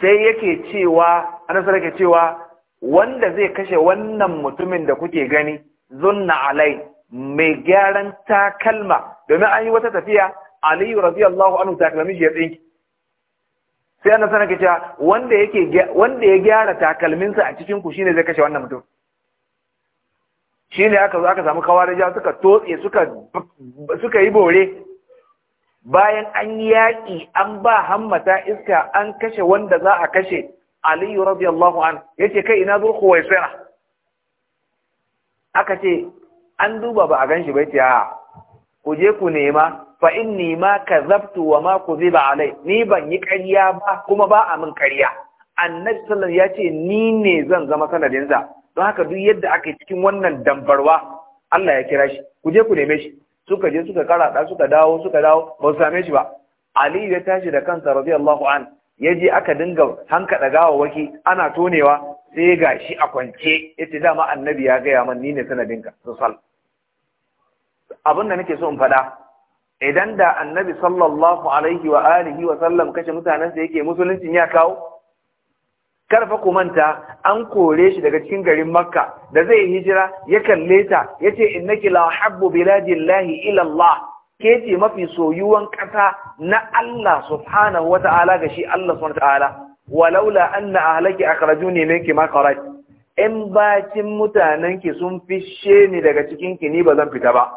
sai yake cewa annabi yake cewa wanda zai kashe wannan mutumin da kuke gani zunna alai mai gyaran takalma domin an yi wata tafiya aliyu radiyallahu anhu takalmin shi ya tsinki sai annabi sana cewa wanda yake wanda ya gyara takalminsa a cikin ku shine zai kashe wannan mutum shine aka zo aka samu kawarija suka totse suka suka yi bore bayan an yi yaƙi an ba hammata iska an kashe wanda za a kashe aliyu radiyallahu an ya ce kai ina zurku wai tsira aka ce an duba ba a gan shi bai ce a ku je ku nema fa in nema ka zaftu wa ma ba alai ni ban yi ƙarya ba kuma ba a min ƙarya annabi sallan ya ce ni ne zan zama sanadinsa don haka duk yadda aka cikin wannan dambarwa Allah ya kira shi ku je ku neme shi suka je suka karaɗa suka dawo suka dawo ba su same shi ba aliyu ya tashi da kansa radiyallahu an ya je aka dinga hankaɗa gawawaki ana tonewa sai ga shi a kwance ya ce dama annabi ya gaya man ni ne sanadinka su sal abin da nake so in faɗa idan da annabi sallallahu alaihi wa alihi wa sallam kashe sa yake musuluncin ya kawo karfa ku manta an kore shi daga cikin garin makka da zai hijira ya kalle ta ya ce innaki la habbu biladillahi ilallah, ke ce mafi soyuwan ƙasa na Allah subhanahu wa ta'ala ga shi Allah subhanahu wa ta'ala walaula anna ahlaki akhrajuni minki ma qarat in bacin mutanen ki sun fishe ni daga cikin ki ni ba zan fita ba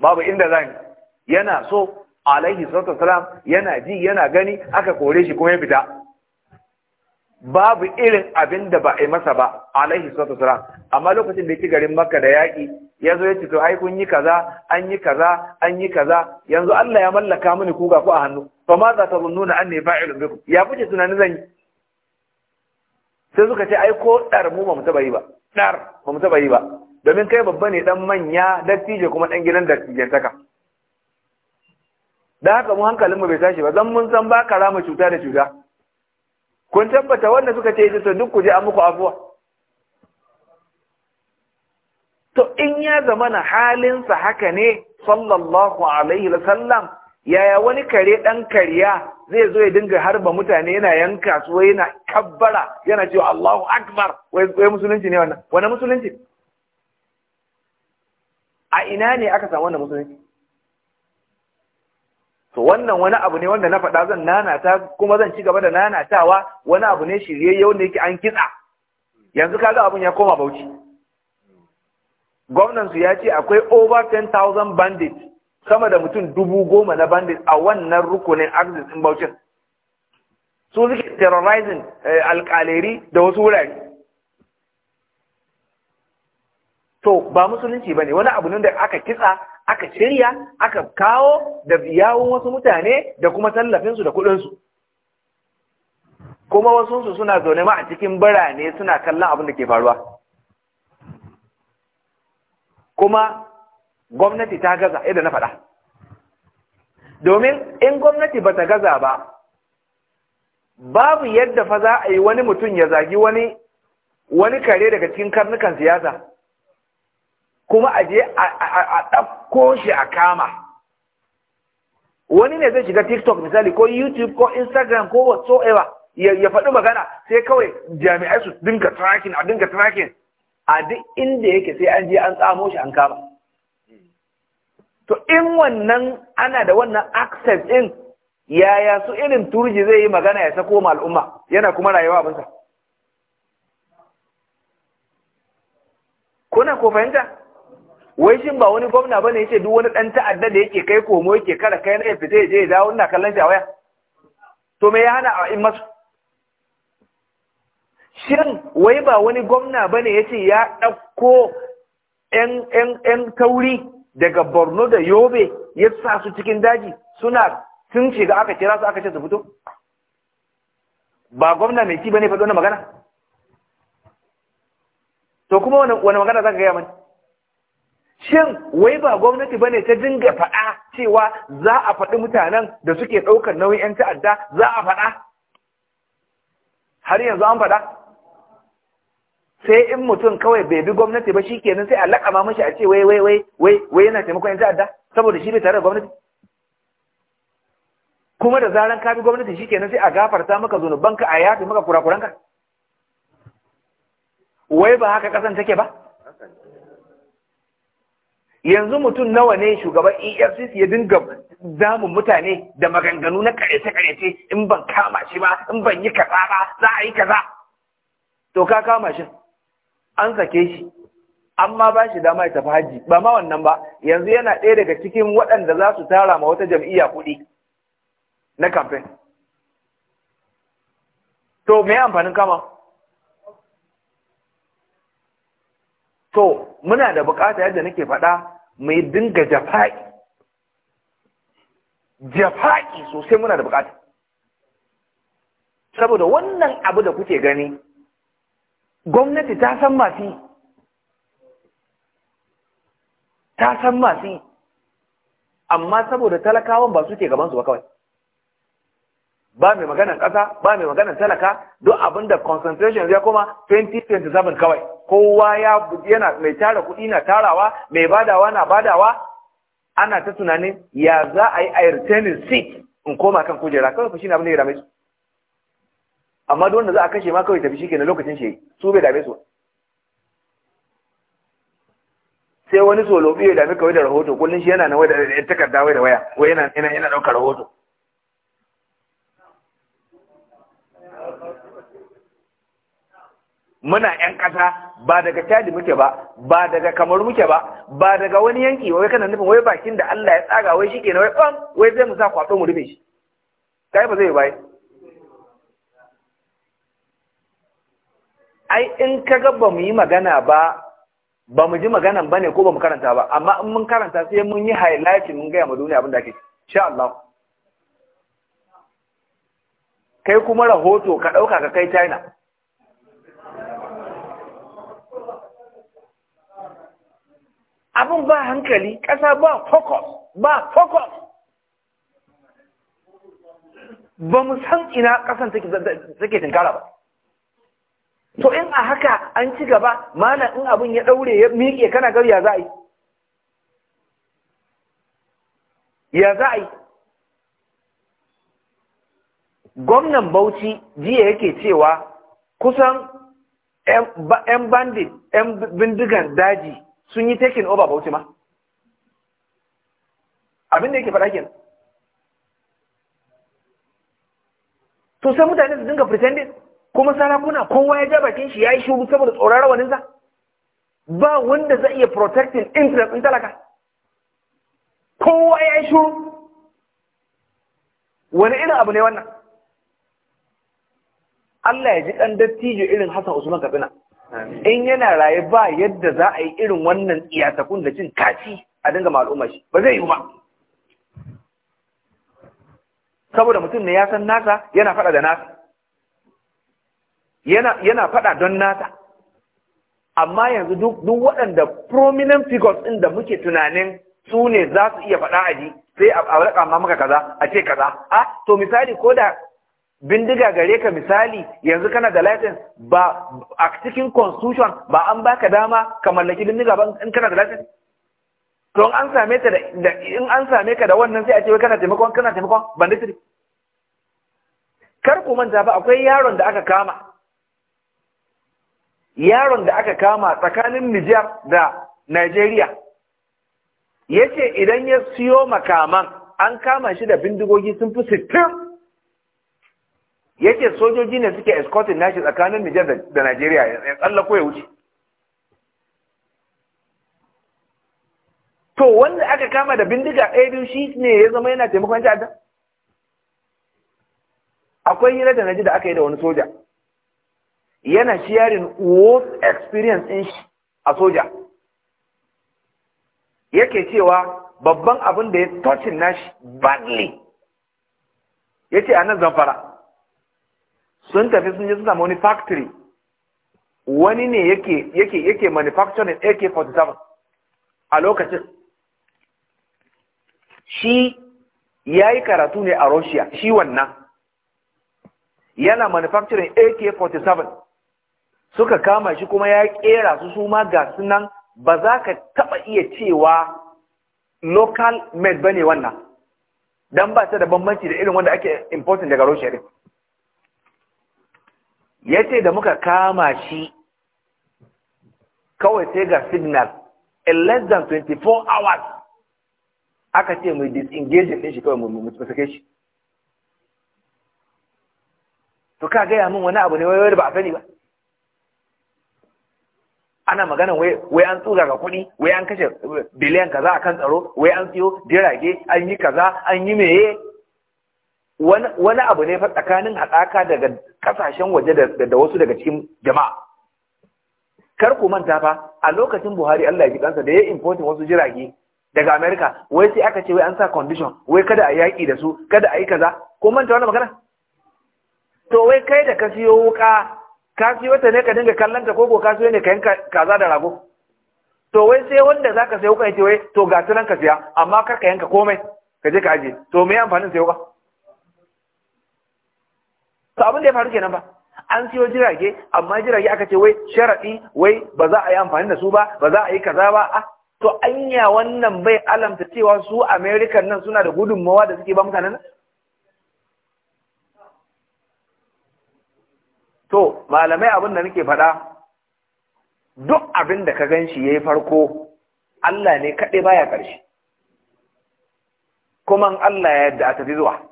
babu inda zan yana so alaihi salatu wasalam yana ji yana gani aka kore shi kuma ya fita babu irin abin da ba a yi masa ba alaihi salatu wasalam amma lokacin da yake garin makka da yaƙi ya zo ya ce to ai kun yi kaza an yi kaza an yi kaza yanzu Allah ya mallaka mini kuka ku a hannu fa ma za ta zunnuna anni fa'ilun bikum ya kuce tunanin zan yi sai suka ce ai ko dar mu ba mu taba yi ba dar ba mu taba yi ba domin kai babba ne dan manya dattijo kuma dan gidan taka. da haka mu hankalin mu bai tashi ba zan mun san ba rama cuta da cuta kun tabbata wanda suka ce to duk ku je an muku afuwa to in ya zama na halinsa haka ne sallallahu alaihi wasallam yaya wani kare dan kariya zai zo ya dinga harba mutane yana yanka su yana kabbara yana cewa Allahu akbar wai musulunci ne wannan wani musulunci a ina ne aka samu wannan musulunci to wannan wani abu ne wanda na faɗa zan ta kuma zan ci gaba da nanatawa wani abu ne shiryayye wanda yake an kitsa yanzu kaga abun ya koma bauchi gwamnan su ya ce akwai over 10,000 bandit sama da mutum dubu goma na bandit a wannan rukunin arzikin bauchin su suke terrorizing eh, alƙalari da wasu wurare to ba musulunci ba ne wani abu ne da aka kitsa aka shirya aka kawo da yawon wasu mutane da kuma tallafinsu da kuɗinsu kuma wasunsu suna zaune ma a cikin birane suna kallon abin da ke faruwa kuma gwamnati ta gaza yadda na faɗa domin in gwamnati ba ta gaza ba babu yadda fa za a yi wani mutum ya zagi wani kare daga cikin karnukan siyasa kuma a je a ɗauko shi a kama wani ne zai shiga tiktok misali ko youtube ko instagram ko whatsoever ya faɗi magana sai kawai jami'ai su dinka tracking a dinka tracking a duk inda yake sai an je an tsamo shi an kama to in wannan ana da wannan access in, yaya su irin turji zai yi magana ya sako ma al'umma yana kuma rayuwa abinsa kuna ko fahimta wai shin ba wani gwamna bane yace duk wani dan ta'adda da yake kai komo yake kara kai na fita ya je ya dawo ina kallon shi a waya to me ya hana a in masu shin wai ba wani gwamna bane yace ya dauko yan yan yan tauri daga Borno da Yobe ya sa su cikin daji suna sun shiga aka kira su aka ce su fito ba gwamna mai ci bane faɗo na magana to kuma wani magana zaka gaya mani shin wai ba gwamnati bane ta dinga faɗa cewa za a faɗi mutanen da suke ɗaukar nauyin 'yan ta'adda za a faɗa har yanzu an faɗa sai in mutum kawai bai bi gwamnati ba shi kenan sai a laƙama mashi a ce wai wai wai wai wai yana taimakon 'yan ta'adda saboda shi bai tare da gwamnati kuma da zaran ka bi gwamnati shi kenan sai a gafarta maka zunubanka a yafi maka kurakuranka wai ba haka ƙasan take ba yanzu mutum nawa ne shugaban efcc ya dinga damun mutane da maganganu na karyace karece in ban kama shi ba in ban yi kaza ba za a yi kaza to ka kama shi an sake shi amma ba shi dama ya tafi hajji ba ma wannan ba yanzu yana ɗaya daga cikin waɗanda za su tara ma wata jam'iyya kuɗi na kamfen to me amfanin kama to muna da bukata yadda nake faɗa mai dinga jafa'i jafa'i sosai muna da bukata saboda wannan abu da kuke gani gwamnati ta san masu ta san masu amma saboda talakawan ba suke gabansu ba kawai ba mai maganar ƙasa ba mai maganar talaka duk abin da concentration ya koma 2027 kawai kowa ya yana mai tara kuɗi na tarawa mai badawa na badawa ana ta tunanin ya za a yi a returning seat in koma kan kujera kawai fashi na abin da ya dame su amma duk wanda za a kashe ma kawai tafi shi ke na lokacin shi su bai dame su sai wani solo biyu ya dame kawai da rahoto kullum shi yana na wai da takarda wai da waya wai yana yana yana ɗaukar rahoto muna ƴan ƙasa ba daga cadi muke ba ba daga Kamar muke ba ba daga wani yanki wai kana nufin wai bakin da Allah ya tsaga wai ne wai bam wai zai mu sa kwato mu rufe shi kai ba zai yi bai ai in kaga ba mu yi magana ba ba mu ji maganan bane ko ba mu karanta ba amma in mun karanta sai mun yi highlight mun gaya ma duniya abin da ake insha Allah kai kuma rahoto ka ɗauka ka kai china abin ba hankali ƙasa ba focus ba focus ba mu san ina ƙasan take tinkara ba to in a haka an ci gaba mana in abin ya ɗaure ya miƙe kana gari ya za a yi ya za a yi gwamnan bauchi jiya yake cewa kusan 'yan bandit 'yan bindigan daji sun yi taking over bauchi ma abin da yake faɗa kenan to sai mutane su dinga pretending kuma sarakuna kowa ya ja bakin shi ya yi shugu saboda tsoron rawaninsa ba wanda zai iya protecting interest ɗin talaka kowa ya yi shuru wani irin abu ne wannan Allah ya ji ɗan dattijo irin Hassan Usman Katsina. In yana raye ba yadda za a yi irin wannan iyatakun da cin kaci a dinga ma'al'umma shi, ba zai yi ba. Saboda mutum ne ya san nasa yana faɗa da nasa. Yana faɗa don nasa. Amma yanzu duk waɗanda prominent figures ɗin da muke tunanin su ne za su iya faɗa a ji sai a raƙa ma maka kaza a ce kaza. A to misali ko da bindiga gare ka misali yanzu kana da license ba a cikin constitution ba an baka dama ka mallaki bindiga ba in kana da license to an same ta da in an same ka da wannan sai a ce wai kana taimakon kana taimakon banditry kar ku manta ba akwai yaron da aka kama yaron da aka kama tsakanin Nijar da Najeriya yace idan ya siyo makaman an kama shi da bindigogi sun fi sittin. yace sojoji ne suke escorting nashi tsakanin Nijar da Najeriya ya tsalla ya wuce to wanda aka kama da bindiga ɗaya biyu shi ne ya zama yana taimakon jada? akwai hira da naji da aka yi da wani soja yana sharing worst experience ɗin shi a soja yake cewa babban abin da ya touching nashi badly yace a nan zamfara sun tafi sun je suna samu wani factory wani ne yake yake yake manufacturing AK47 a lokacin shi ya yi karatu ne a Russia shi wannan yana manufacturing AK47 suka kama shi kuma ya kera su su ma ga sunan ba za ka taba iya cewa local made bane wannan dan ba ta da bambanci da irin wanda ake importing daga Russia din Ya ce da muka kama shi kawai sai ga signal in less than 24 hours aka ce mai disengage din shi kawai mu shi to ka gaya min wani abu ne wai ba a sani ba ana magana wai an tsura ga kuɗi wai an kashe biliyan kaza a kan tsaro wai an siyo jirage an yi kaza an yi meye wani abu ne fa tsakanin haɗaka daga ƙasashen waje da wasu daga cikin jama'a kar ku manta fa a lokacin buhari allah ya kansa da ya importin wasu jirage daga amerika wai sai aka ce wai an sa condition wai kada a yaƙi da su kada a yi kaza ko manta wani magana to wai kai da ka siyo wuka ka siyo ta ne ka dinga kallon ta koko ka siyo ne ka yanka kaza da rago to wai sai wanda zaka sayo wuka ya ce wai to ga tunan ka siya amma kar ka yanka komai ka je ka aje to me amfanin sayo wuka to abin da ya faru kenan ba an siyo jirage amma jirage aka ce wai sharaɗi wai ba za a yi amfani da su ba ba za a yi kaza ba a ah, to anya wannan bai alamta cewa su american nan suna da gudunmawa da suke ba mutanen to malamai abin da nake faɗa duk abin da ka gan shi ya yi farko Allah ne kaɗai baya ƙarshe kuma Allah ya yarda a tafi zuwa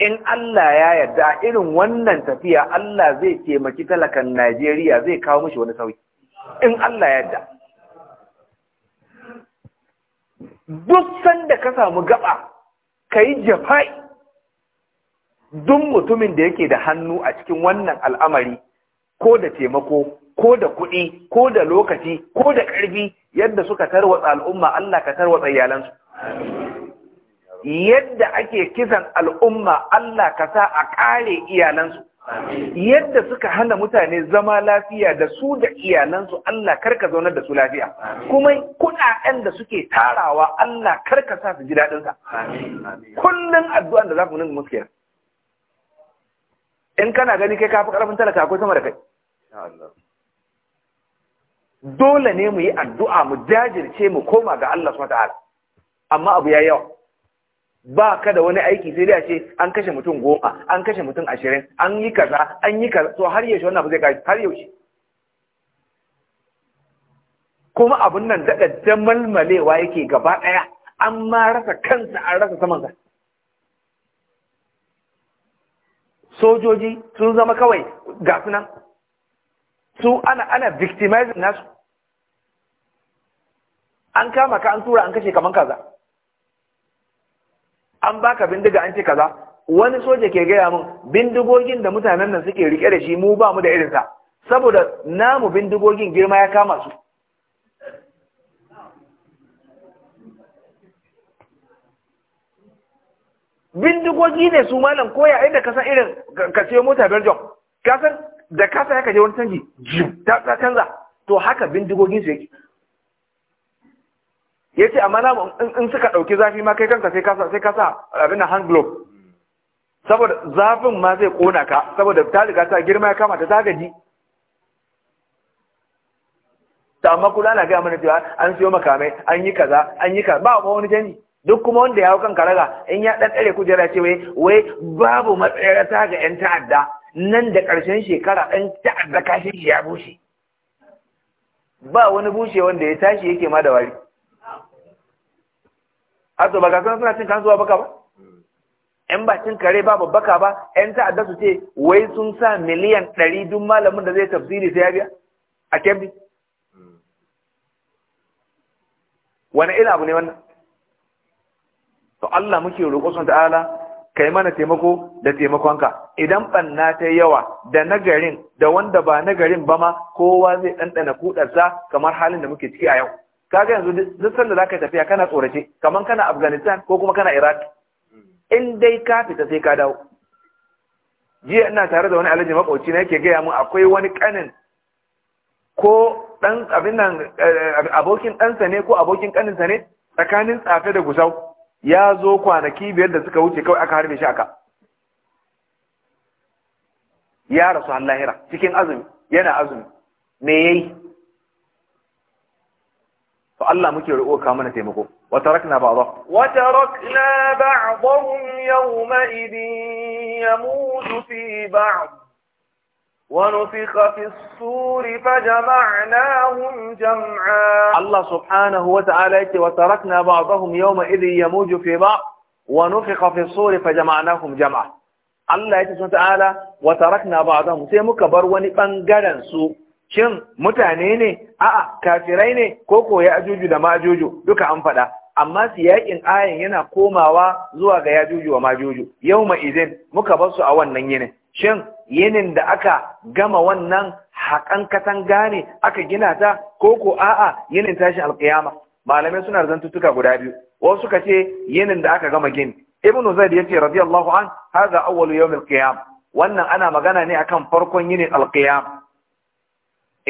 in Allah ya yarda irin wannan tafiya Allah zai taimaki talakan Najeriya zai kawo mashi wani sauyi in Allah ya yarda duk sanda ka samu gaba kai jafai duk mutumin da yake da hannu a cikin wannan al'amari ko da taimako ko da kuɗi ko da lokaci ko da ƙarfi yadda suka tarwatsa al'umma Allah ka tarwatsa iyalansu yadda ake kisan al'umma Allah ka sa a ƙare iyalansu yadda suka hana mutane zama lafiya da su da iyalansu Allah karka zaunar da su lafiya kuma kuɗaɗen da suke tarawa Allah karka sa su ji daɗinsa kullum addu'an da za ku nuna muskiyar in kana gani kai kafi ƙarfin talaka akwai sama da kai dole ne mu yi addu'a mu jajirce mu koma ga Allah subhanahu amma abu ya yawa ba ka da wani aiki sai dai a ce an kashe mutum goma an kashe mutum ashirin an yi kaza an yi kaza to har yaushe wannan abu zai kai har yaushe kuma abun nan daɗa damalmalewa yake gaba daya an ma rasa kansa an rasa samansa sojoji sun zama kawai ga nan su ana ana victimizing nasu an kama ka an tura an kashe kaman kaza an baka bindiga an ce kaza wani soja ke gaya mun bindigogin da mutanen nan suke rike da shi mu ba mu da irinsa saboda namu bindigogin girma ya kama su bindigogi ne su malam koya inda kasan irin ka ce mota belgium kasan da kasa ya je wani canji ta canza to haka bindigogin su yake ya ce amma na in suka ɗauki zafi ma kai kanka sai kasa sai kasa abin hand glove saboda zafin ma zai kona ka saboda ta riga ta girma ya kama ta zagaji. ta amma kula na gaya mana cewa an siyo makamai an yi kaza an yi kaza ba wani jani duk kuma wanda ya hau kan karaga in ya dan tsare kujera ce wai wai babu matsayar ta ga yan ta'adda nan da ƙarshen shekara ɗan ta'adda kashi ya bushe ba wani bushe wanda ya tashi yake ma da wari Azo ba kasan suna cin kan zuwa baka ba yan bakin kare babu baka ba yan ta'adda su ce wai sun sa miliyan ɗari duk malamin da zai tafsiri sai ya biya a kebbi wani irin abu ne wannan to Allah muke roƙo sun ta'ala ka yi mana taimako da taimakonka idan ɓanna ta yawa da nagarin da wanda ba nagarin ba ma kowa zai ɗanɗana kudarsa kamar halin da muke ciki a yau kaga yanzu duk sanda zaka tafiya kana tsorace kaman kana Afghanistan ko kuma kana Iraq in dai ka fita sai ka dawo jiya ina tare da wani alhaji makauci na yake gaya mun akwai wani kanin ko dan abin nan eh, abokin ɗansa ne ko abokin sa ne tsakanin tsafe da gusau ya zo kwanaki biyar da suka wuce kawai aka harbe shi aka ya rasu hallahira cikin azumi yana azumi me yayi fa Allah muke roƙo ka mana taimako wa tarakna ba'dhum wa tarakna ba'dhum yawma idin yamutu fi ba'd wa nufikha fi s-suri fajama'nahum jam'a Allah subhanahu wa ta'ala yake wa tarakna ba'dhum yawma idin yamutu fi ba'd wa nufikha fi s-suri fajama'nahum jam'a Allah yake subhanahu wa ta'ala wa tarakna sai muka bar wani bangaren su shin mutane ne a'a kafirai ne ko ya ajuju da majuju duka an faɗa amma yaƙin ayan yana komawa zuwa ga yajuju wa majuju yau ma izin muka bar su a wannan yini. shin yinin da aka gama wannan haƙan katanga ne aka gina ta ko ko a'a yinin tashin alƙiyama malamai suna zan zantuttuka guda biyu wasu suka ce yinin da aka gama gini ibnu zaid yace radiyallahu an hadha awwalu yawm alqiyam wannan ana magana ne akan farkon yinin alqiyam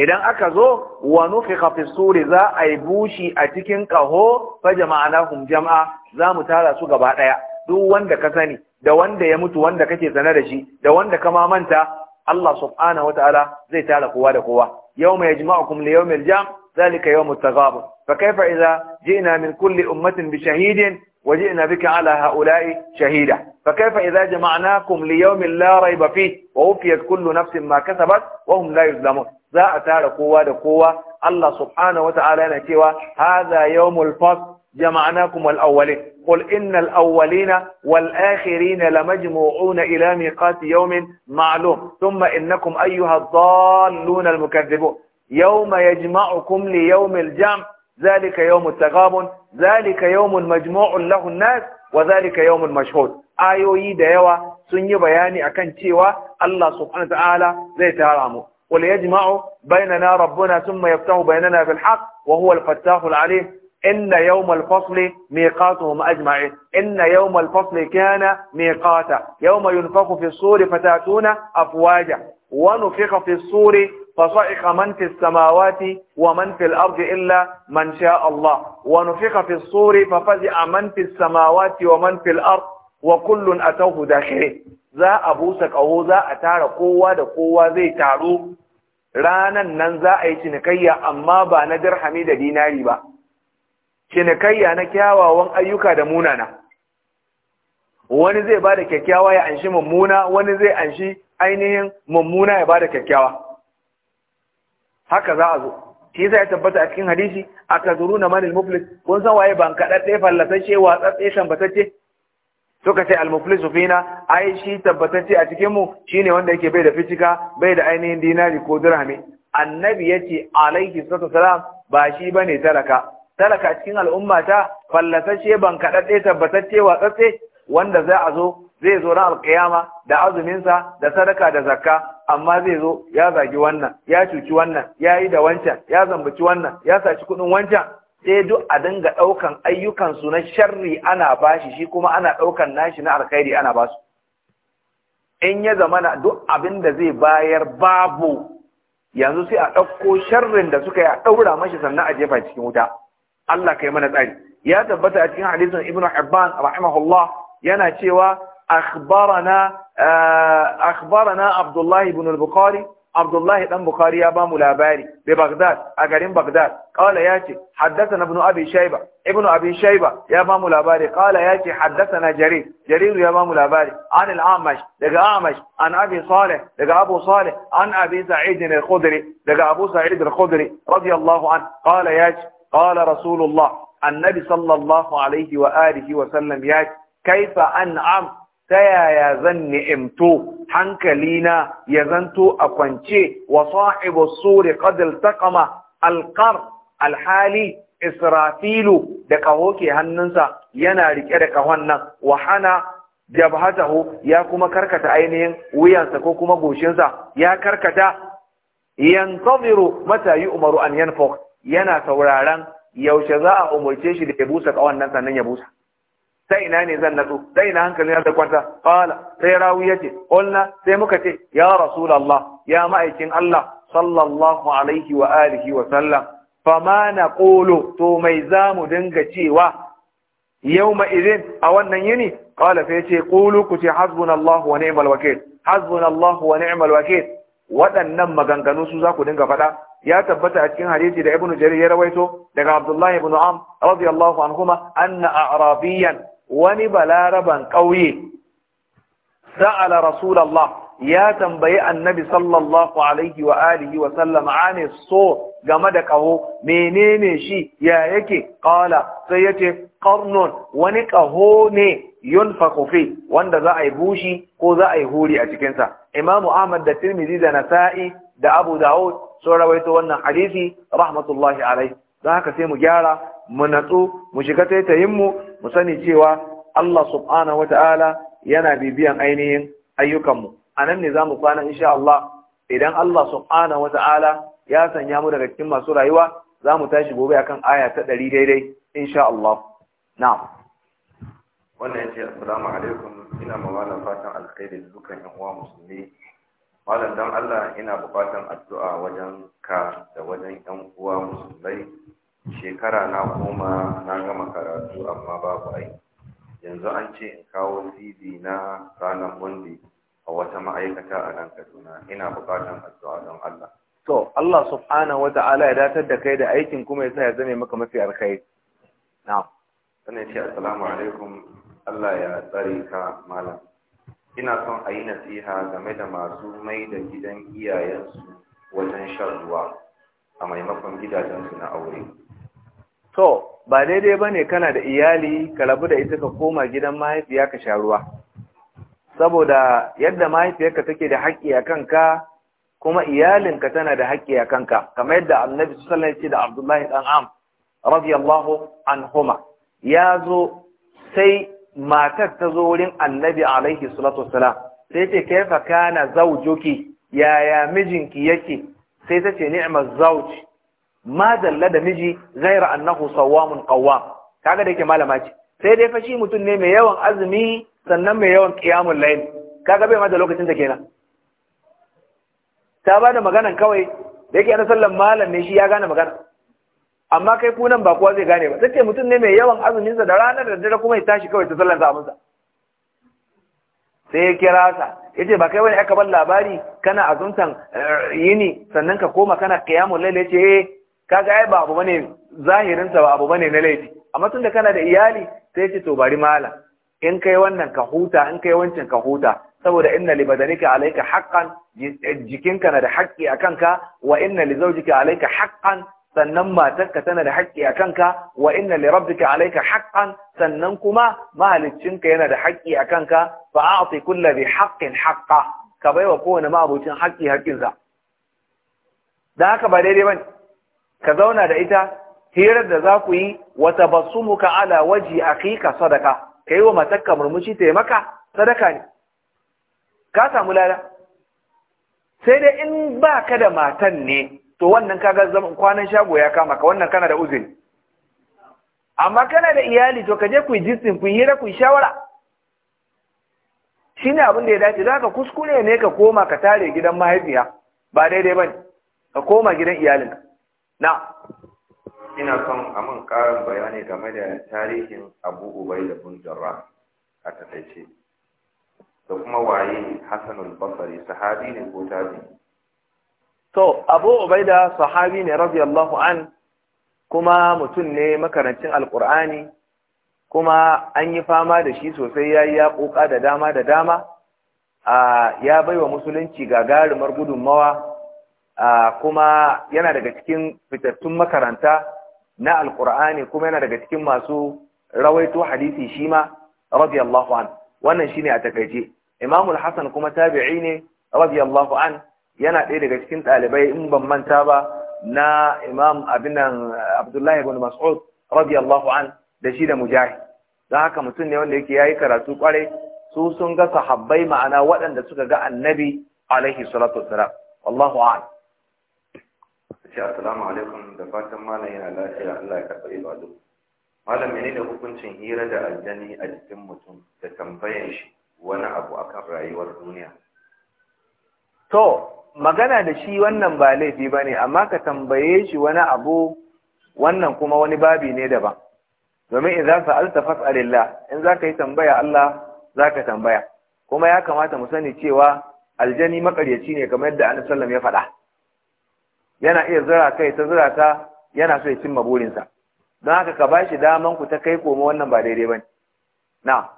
idan aka zo wa nufiqa fi suri za a yi bushi a cikin kaho fa jama'anahum jama'a za mu tara su gaba daya duk wanda ka sani da wanda ya mutu wanda kake sane da shi da wanda ka ma manta Allah subhanahu wataala zai tara kowa da kowa yawma yajma'ukum li yawmil jam' zalika yawmut taghabun fa kaifa idza ji'na min kulli ummatin bi shahidin وجئنا بك على هؤلاء شهيدا فكيف إذا جمعناكم ليوم لا ريب فيه ووفيت كل نفس ما كسبت وهم لا يظلمون ذا أتار قوة قوة الله سبحانه وتعالى نتوى هذا يوم الفصل جمعناكم الأولين قل إن الأولين والآخرين لمجموعون إلى ميقات يوم معلوم ثم إنكم أيها الضالون المكذبون يوم يجمعكم ليوم الجمع ذلك يوم التغابن ذلك يوم مجموع له الناس وذلك يوم مشهود ايوي دايوا سنيه بياني اكن تيوا الله سبحانه وتعالى زي تهرمو وليجمع بيننا ربنا ثم يفتح بيننا في الحق وهو الفتاح العليم ان يوم الفصل ميقاتهم اجمعين ان يوم الفصل كان ميقاتا يوم ينفخ في الصور فتاتون افواجا ونفخ في الصور فصعق من في السماوات ومن في الأرض إلا من شاء الله ونفق في الصور ففزع من في السماوات ومن في الأرض وكل أتوه داخله za a busa ƙaho za a tara kowa da kowa zai taru ranan nan za a yi cinikayya amma ba na dirhami da dinari ba cinikayya na kyawawan ayyuka da munana wani zai ba da kyakkyawa ya anshi mummuna wani zai anshi ainihin mummuna ya ba da kyakkyawa haka za a zo shi yasa ya tabbata a cikin hadisi atadruna na al-muflis kun san waye ban kadadde fallasacce watsatse tambatacce ka ce al muflis fina ai shi tabbatacce a cikin mu shine wanda yake bai da fitika bai da ainihin dinari ko dirhami annabi yace alaihi salatu wasalam ba shi bane talaka talaka cikin al'ummata fallasacce ban kaɗaɗɗe tabbatacce watsatse wanda za a zo zai zo ran alkiyama da azuminsa da sadaka da zakka amma zai zo ya zagi wannan ya cuci wannan ya yi da wancan ya zambaci wannan ya saci kuɗin wancan sai duk a dinga ɗaukan ayyukansu na sharri ana bashi shi kuma ana ɗaukan nashi na alkhairi ana basu in ya zama na duk abin da zai bayar babu yanzu sai a ɗauko sharrin da suka yi a ɗaura mashi sannan a jefa cikin wuta Allah kai mana tsari ya tabbata a cikin hadisin ibnu Hibban rahimahullah yana cewa أخبرنا آه، أخبرنا عبد الله بن البخاري عبد الله بن بخاري يا بام لاباري ببغداد أكرم بغداد قال ياتي حدثنا ابن أبي شيبة ابن أبي شيبة يا بام لاباري قال ياتي حدثنا جرير جرير يا بام لاباري عن الأعمش لقى أعمش عن أبي صالح لقى أبو صالح عن أبي سعيد الخدري لقى أبو سعيد الخدري رضي الله عنه قال ياتي قال رسول الله النبي صلى الله عليه وآله وسلم ياتي كيف أنعم ta yaya zan ni'imto hankalina ya zanto a kwance wa sahibu suri qad iltaqama alqar alhali israfilu da kaho ke hannunsa yana riƙe da kahon nan wa hana jabhatahu ya kuma karkata ainihin wuyansa ko kuma goshinsa ya karkata yantaziru mata Umaru an yanfukh yana sauraron yaushe za a umurce shi da ya busa kahon nan sannan ya busa ta ina ne zan natsu ta ina hankali na da kwanta qala sai ya yace qulna sai muka ce ya rasulallah, ya ma'aikin Allah sallallahu alaihi wa alihi wa sallam fama naqulu to mai zamu dinga cewa ma idin a wannan yini qala sai yace Kulu ku ce hasbunallahu wa ni'mal wakeel hasbunallahu wa ni'mal wakil. waɗannan maganganu su za ku dinga faɗa ya tabbata a cikin hadisi da ibnu jarir ya rawaito daga abdullahi ibn am radiyallahu anhuma anna a'rabiyan wani balaraban ƙauye sa'ala rasulallah ya tambayi annabi sallallahu alaihi wa alihi wa sallam ane so game da ƙaho menene shi ya yake ƙala sai yace ƙarnon. wani ƙaho ne yun fakofi wanda za a yi bushi ko za a yi huri a cikinsa imamu ahmad da tirmidhi da nasa'i da abu dawud sun rawaito wannan hadisi rahmatullahi alaihi Za haka sai mu gyara mu natsu mu shiga taitayin mu mu sani cewa Allah subhanahu wata'ala yana bibiyan ainihin ayyukanmu a nan ne za mu kwana insha Allah idan Allah subhanahu wata'ala ya sanya mu daga cikin masu rayuwa za mu tashi gobe akan aya ta ɗari daidai insha Allah na'am wannan ce assalamu alaikum ina mawalan fatan alkhairi da dukkan yan uwa musulmi malam dan Allah ina bukatan addu'a wajen ka da wajen yan uwa musulmai shekara na koma na gama karatu amma babu ai yanzu an ce in kawo cv na ranar monday a wata ma'aikata a nan kaduna ina bukatan addu'a don allah to allah subhanahu wata'ala ya datar da kai da aikin kuma ya sa ya zame maka mafi alkhairi na'am sannan ce assalamu alaikum allah ya tsare ka malam ina son a yi nasiha game da masu mai da gidan iyayensu wajen shan ruwa a maimakon gidajensu na aure to ba daidai ba ne kana da iyali ka rabu da ita ka koma gidan mahaifiya ka sha ruwa saboda yadda mahaifiyarka take da haƙƙi a kanka kuma iyalinka tana da haƙƙi a kanka kamar yadda annabi sallallahu alaihi da abdullahi dan am radiyallahu anhuma ya zo sai matar ta zo wurin annabi alaihi salatu wasalam, sai ce kaifa kana zaujoki yaya mijinki yake sai ta ce ni'mar zawj ma zalla da miji ghaira annahu sawamun qawwam kaga da yake malama ce sai dai fashi mutum ne mai yawan azumi sannan mai yawan qiyamul layl kaga bai ma da lokacin da kenan ta ba da maganan kawai da yake ana sallan malam ne shi ya gane magana amma kai ku nan ba kowa zai gane ba sai mutum ne mai yawan azuminsa da ranar da dare kuma ya tashi kawai ta sallan sa sai ya kira sa ya ce ba kai wani aka bar labari kana azumtan yini sannan ka koma kana layl yace ce kaga ai ba abu bane zahirin ba abu bane na laifi amma tun da kana da iyali sai ce to bari malam in kai wannan ka huta in kai wancan ka huta saboda inna li badanika alayka haqqan jikinka na da haƙƙi akan ka wa inna li zawjika alayka haqqan sannan matarka tana da haƙƙi akan ka wa inna li rabbika alayka haqqan sannan kuma mahaliccinka yana da haƙƙi akan ka fa a'ti kulli bi haqqin haqqa ka baiwa kowane mabucin haƙƙi haƙƙinsa da haka ba daidai bane ka zauna da ita hirar da za ku yi wata basumuka ala waji akika sadaka ka yi wa matakka murmushi taimaka sadaka ne ka samu lada sai dai in ba ka da matan ne to wannan ga zaman kwanan shago ya kama ka wannan kana da uzuri amma kana da iyali to ka je ku yi jistin ku yi hira ku yi shawara shine abin da ya dace za ka kuskure ne ka koma ka tare gidan mahaifiya ba daidai ba ne ka koma gidan iyalinka na ina son a man ƙarin bayani game da tarihin abu ubai da bin jarra a taƙaice da kuma waye hassanul basari sahabi ne ko tabi to abu ubai da sahabi ne radiyallahu an kuma mutum ne makarancin alƙur'ani kuma an yi fama da shi sosai ya yi da dama da dama a ya baiwa musulunci gagarumar gudunmawa kuma yana daga cikin fitattun makaranta na alkur'ani kuma yana daga cikin masu rawaito hadisi shi ma radiyallahu an wannan shine a takaice imamul hassan kuma tabi'i ne radiyallahu an yana ɗaya daga cikin ɗalibai in ban manta ba na imam abinan abdullahi ibn mas'ud radiyallahu an da shi da mujahid don haka mutum ne wanda yake yayi karatu kwarai su sun ga sahabbai ma'ana waɗanda suka ga annabi alaihi salatu wassalam wallahu a'lam ce assalamu alaikum da fatan malam yana lafiya Allah ya karɓi ibadu malam menene hukuncin hira da aljani a jikin mutum da tambayan shi wani abu akan rayuwar duniya to magana da shi wannan ba laifi bane amma ka tambaye shi wani abu wannan kuma wani babi ne daban domin in za sa'alta fas'alillah in za ka yi tambaya Allah za ka tambaya kuma ya kamata mu sani cewa aljani makaryaci ne kamar yadda annabi sallallahu ya faɗa yana iya zura kai ta zura ta yana so ya cimma burinsa don haka ka bashi daman ku ta kai koma wannan ba daidai ba ne. na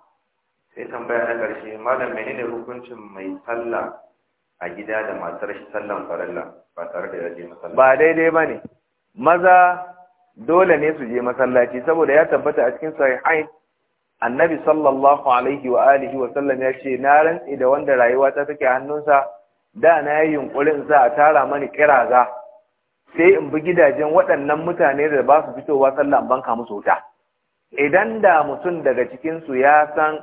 sai tambaya na ƙarshe malam menene hukuncin mai sallah a gida da matar shi sallan farilla ba tare da yaje masallaci ba daidai ba ne. maza dole ne su je masallaci saboda ya tabbata a cikin sahihain annabi sallallahu alaihi wa alihi wa sallam ya ce na rantsi da wanda rayuwa ta take hannunsa da na yi yunkurin za a tara mani kiraza sai in bi gidajen waɗannan mutane da ba su fitowa sallah in banka musu wuta idan da mutum daga cikinsu ya san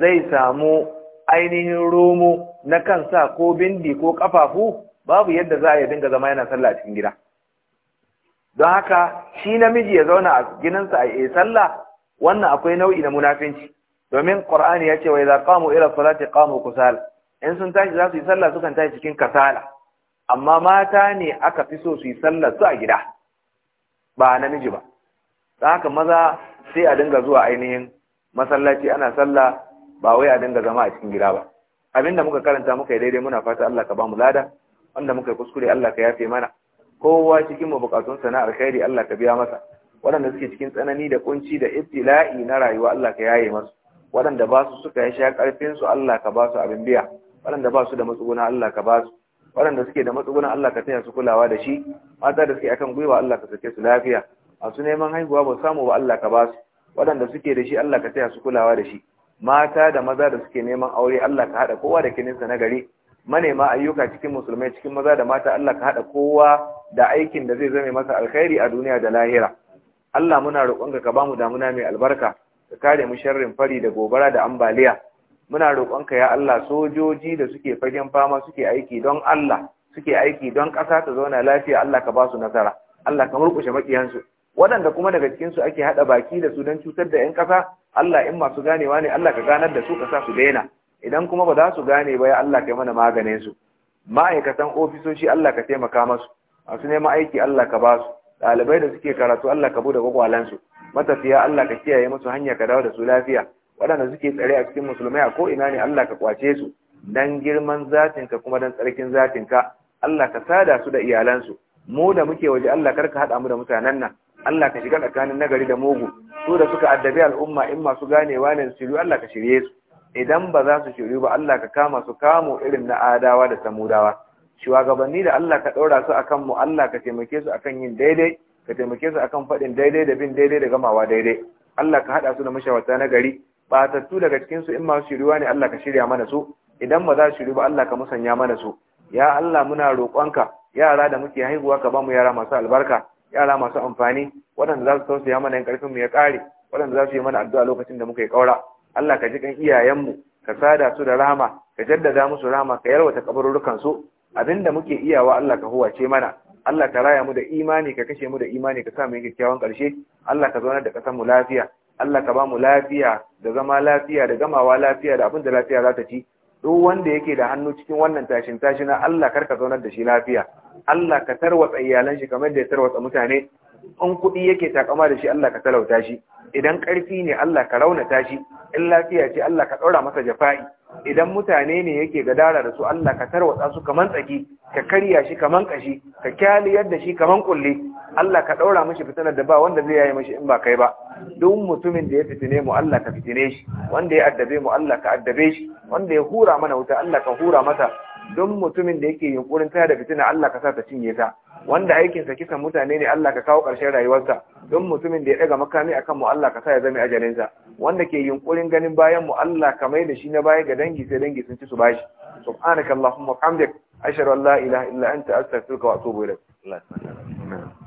zai samu ainihin romo na kansa ko bindi ko kafafu babu yadda za a yi dinga zama yana sallah cikin gida don haka shi namiji ya zauna a gininsa a yi sallah wannan akwai nau'i na munafinci domin qur'ani ya ce wa idza qamu ila salati qamu kusal in sun tashi za su yi sallah sukan tashi cikin kasala amma mata ne aka fi so su yi sallar su a gida ba namiji ba don haka maza sai a dinga zuwa ainihin masallaci ana sallah ba wai a dinga zama a cikin gida ba abinda muka karanta muka yi daidai muna fata Allah ka ba mu lada wanda muka yi kuskure Allah ka yafe mana kowa cikin mu bukatun sana'ar khairi Allah ka biya masa waɗanda suke cikin tsanani da kunci da ibtila'i na rayuwa Allah ka yaye masu waɗanda ba su suka yi sha karfin su Allah ka ba su abin biya waɗanda ba su da matsuguna Allah ka ba su waɗanda suke da matsugunan Allah ka taya su kulawa da shi mata da suke akan gwiwa Allah ka sake su lafiya masu neman haihuwa ba samu ba Allah ka ba su waɗanda suke da shi Allah ka taya su kulawa da shi mata da maza da suke neman aure Allah ka haɗa kowa da kininsa na gari manema ayyuka cikin musulmai cikin maza da mata Allah ka haɗa kowa da aikin da zai zame masa alkhairi a duniya da lahira Allah muna roƙonka ka ba mu damuna mai albarka ka kare mu sharrin fari da gobara da ambaliya muna roƙonka ya Allah sojoji da suke fagen fama suke aiki don Allah suke aiki don ƙasa ta zauna lafiya Allah ka ba su nasara Allah ka murƙushe maƙiyansu waɗanda kuma daga cikin su ake haɗa baki da su don cutar da 'yan ƙasa Allah in masu ganewa ne Allah ka ganar da su ka sa su daina idan kuma ba za su gane ba ya Allah ka yi mana maganin su ma'aikatan ofisoshi Allah ka taimaka masu masu neman aiki Allah ka ba su ɗalibai da suke karatu Allah ka buɗe gwagwalansu matafiya Allah ka kiyaye musu hanya ka dawo da su lafiya waɗanda suke tsare a cikin musulmai a ko'ina ne Allah ka kwace su dan girman zatinka kuma dan tsarkin zatinka Allah ka sada su da iyalansu mu da muke waje Allah karka haɗa mu da mutanen nan Allah ka shiga tsakanin nagari da mugu su da suka addabi al'umma in masu ganewa ne su shiryu Allah ka shirye su idan ba za su shiryu ba Allah ka kama su kamo irin na adawa da samudawa shugabanni da Allah ka ɗaura su akan mu Allah ka taimake su akan yin daidai ka taimake su akan faɗin daidai da bin daidai da gamawa daidai Allah ka haɗa su da mashawarta na gari tu daga cikin su in ma shiriwa ne Allah ka shirya mana su idan ba za su shiru ba Allah ka musanya mana su ya Allah muna roƙonka yara da muke haihuwa ka ba mu yara masu albarka yara masu amfani waɗanda za su tausaya mana yan ƙarfin mu ya ƙare waɗanda za su yi mana addu'a lokacin da muka yi ƙaura Allah ka ji kan mu ka sada su da rahama ka jaddada musu rahama ka yarwata kaburrukan su abinda muke iyawa Allah ka huwace mana Allah ka raya mu da imani ka kashe mu da imani ka sa mu yi kyakkyawan ƙarshe Allah ka zauna da ƙasar mu lafiya Allah ka ba mu lafiya da zama lafiya da gamawa lafiya da abin da lafiya za ta ci duk wanda yake da hannu cikin wannan tashin tashin Allah karka zaunar da shi lafiya Allah ka tarwatsa iyalan shi kamar da ya tarwatsa mutane in kuɗi yake takama da shi Allah ka talauta shi idan ƙarfi ne Allah ka rauna tashi. in lafiya ce Allah ka ɗaura masa jafa'i idan mutane ne yake gadara da su Allah ka tarwatsa su kaman tsaki ka karya shi kaman kashi ka kyaliyar da shi kaman ƙulle, Allah ka daura mishi fitinar da ba wanda zai yayi mishi in ba kai ba duk mutumin da ya fitine mu Allah ka fitine shi wanda ya addabe mu Allah ka addabe shi wanda ya hura mana wuta Allah ka hura masa don mutumin da yake yunkurin taya da fitina Allah ka sa ta cinye ta wanda aikin sa kisan mutane ne Allah ka kawo ƙarshen rayuwarsa don mutumin da ya daga makami akan mu Allah ka sa ya zama ajalin sa wanda ke yunkurin ganin bayan mu Allah ka mai da shi na baya ga dangi sai dangi sun ci su bashi subhanakallahumma wa hamdik ashhadu an la ilaha illa anta astaghfiruka wa atubu ilaik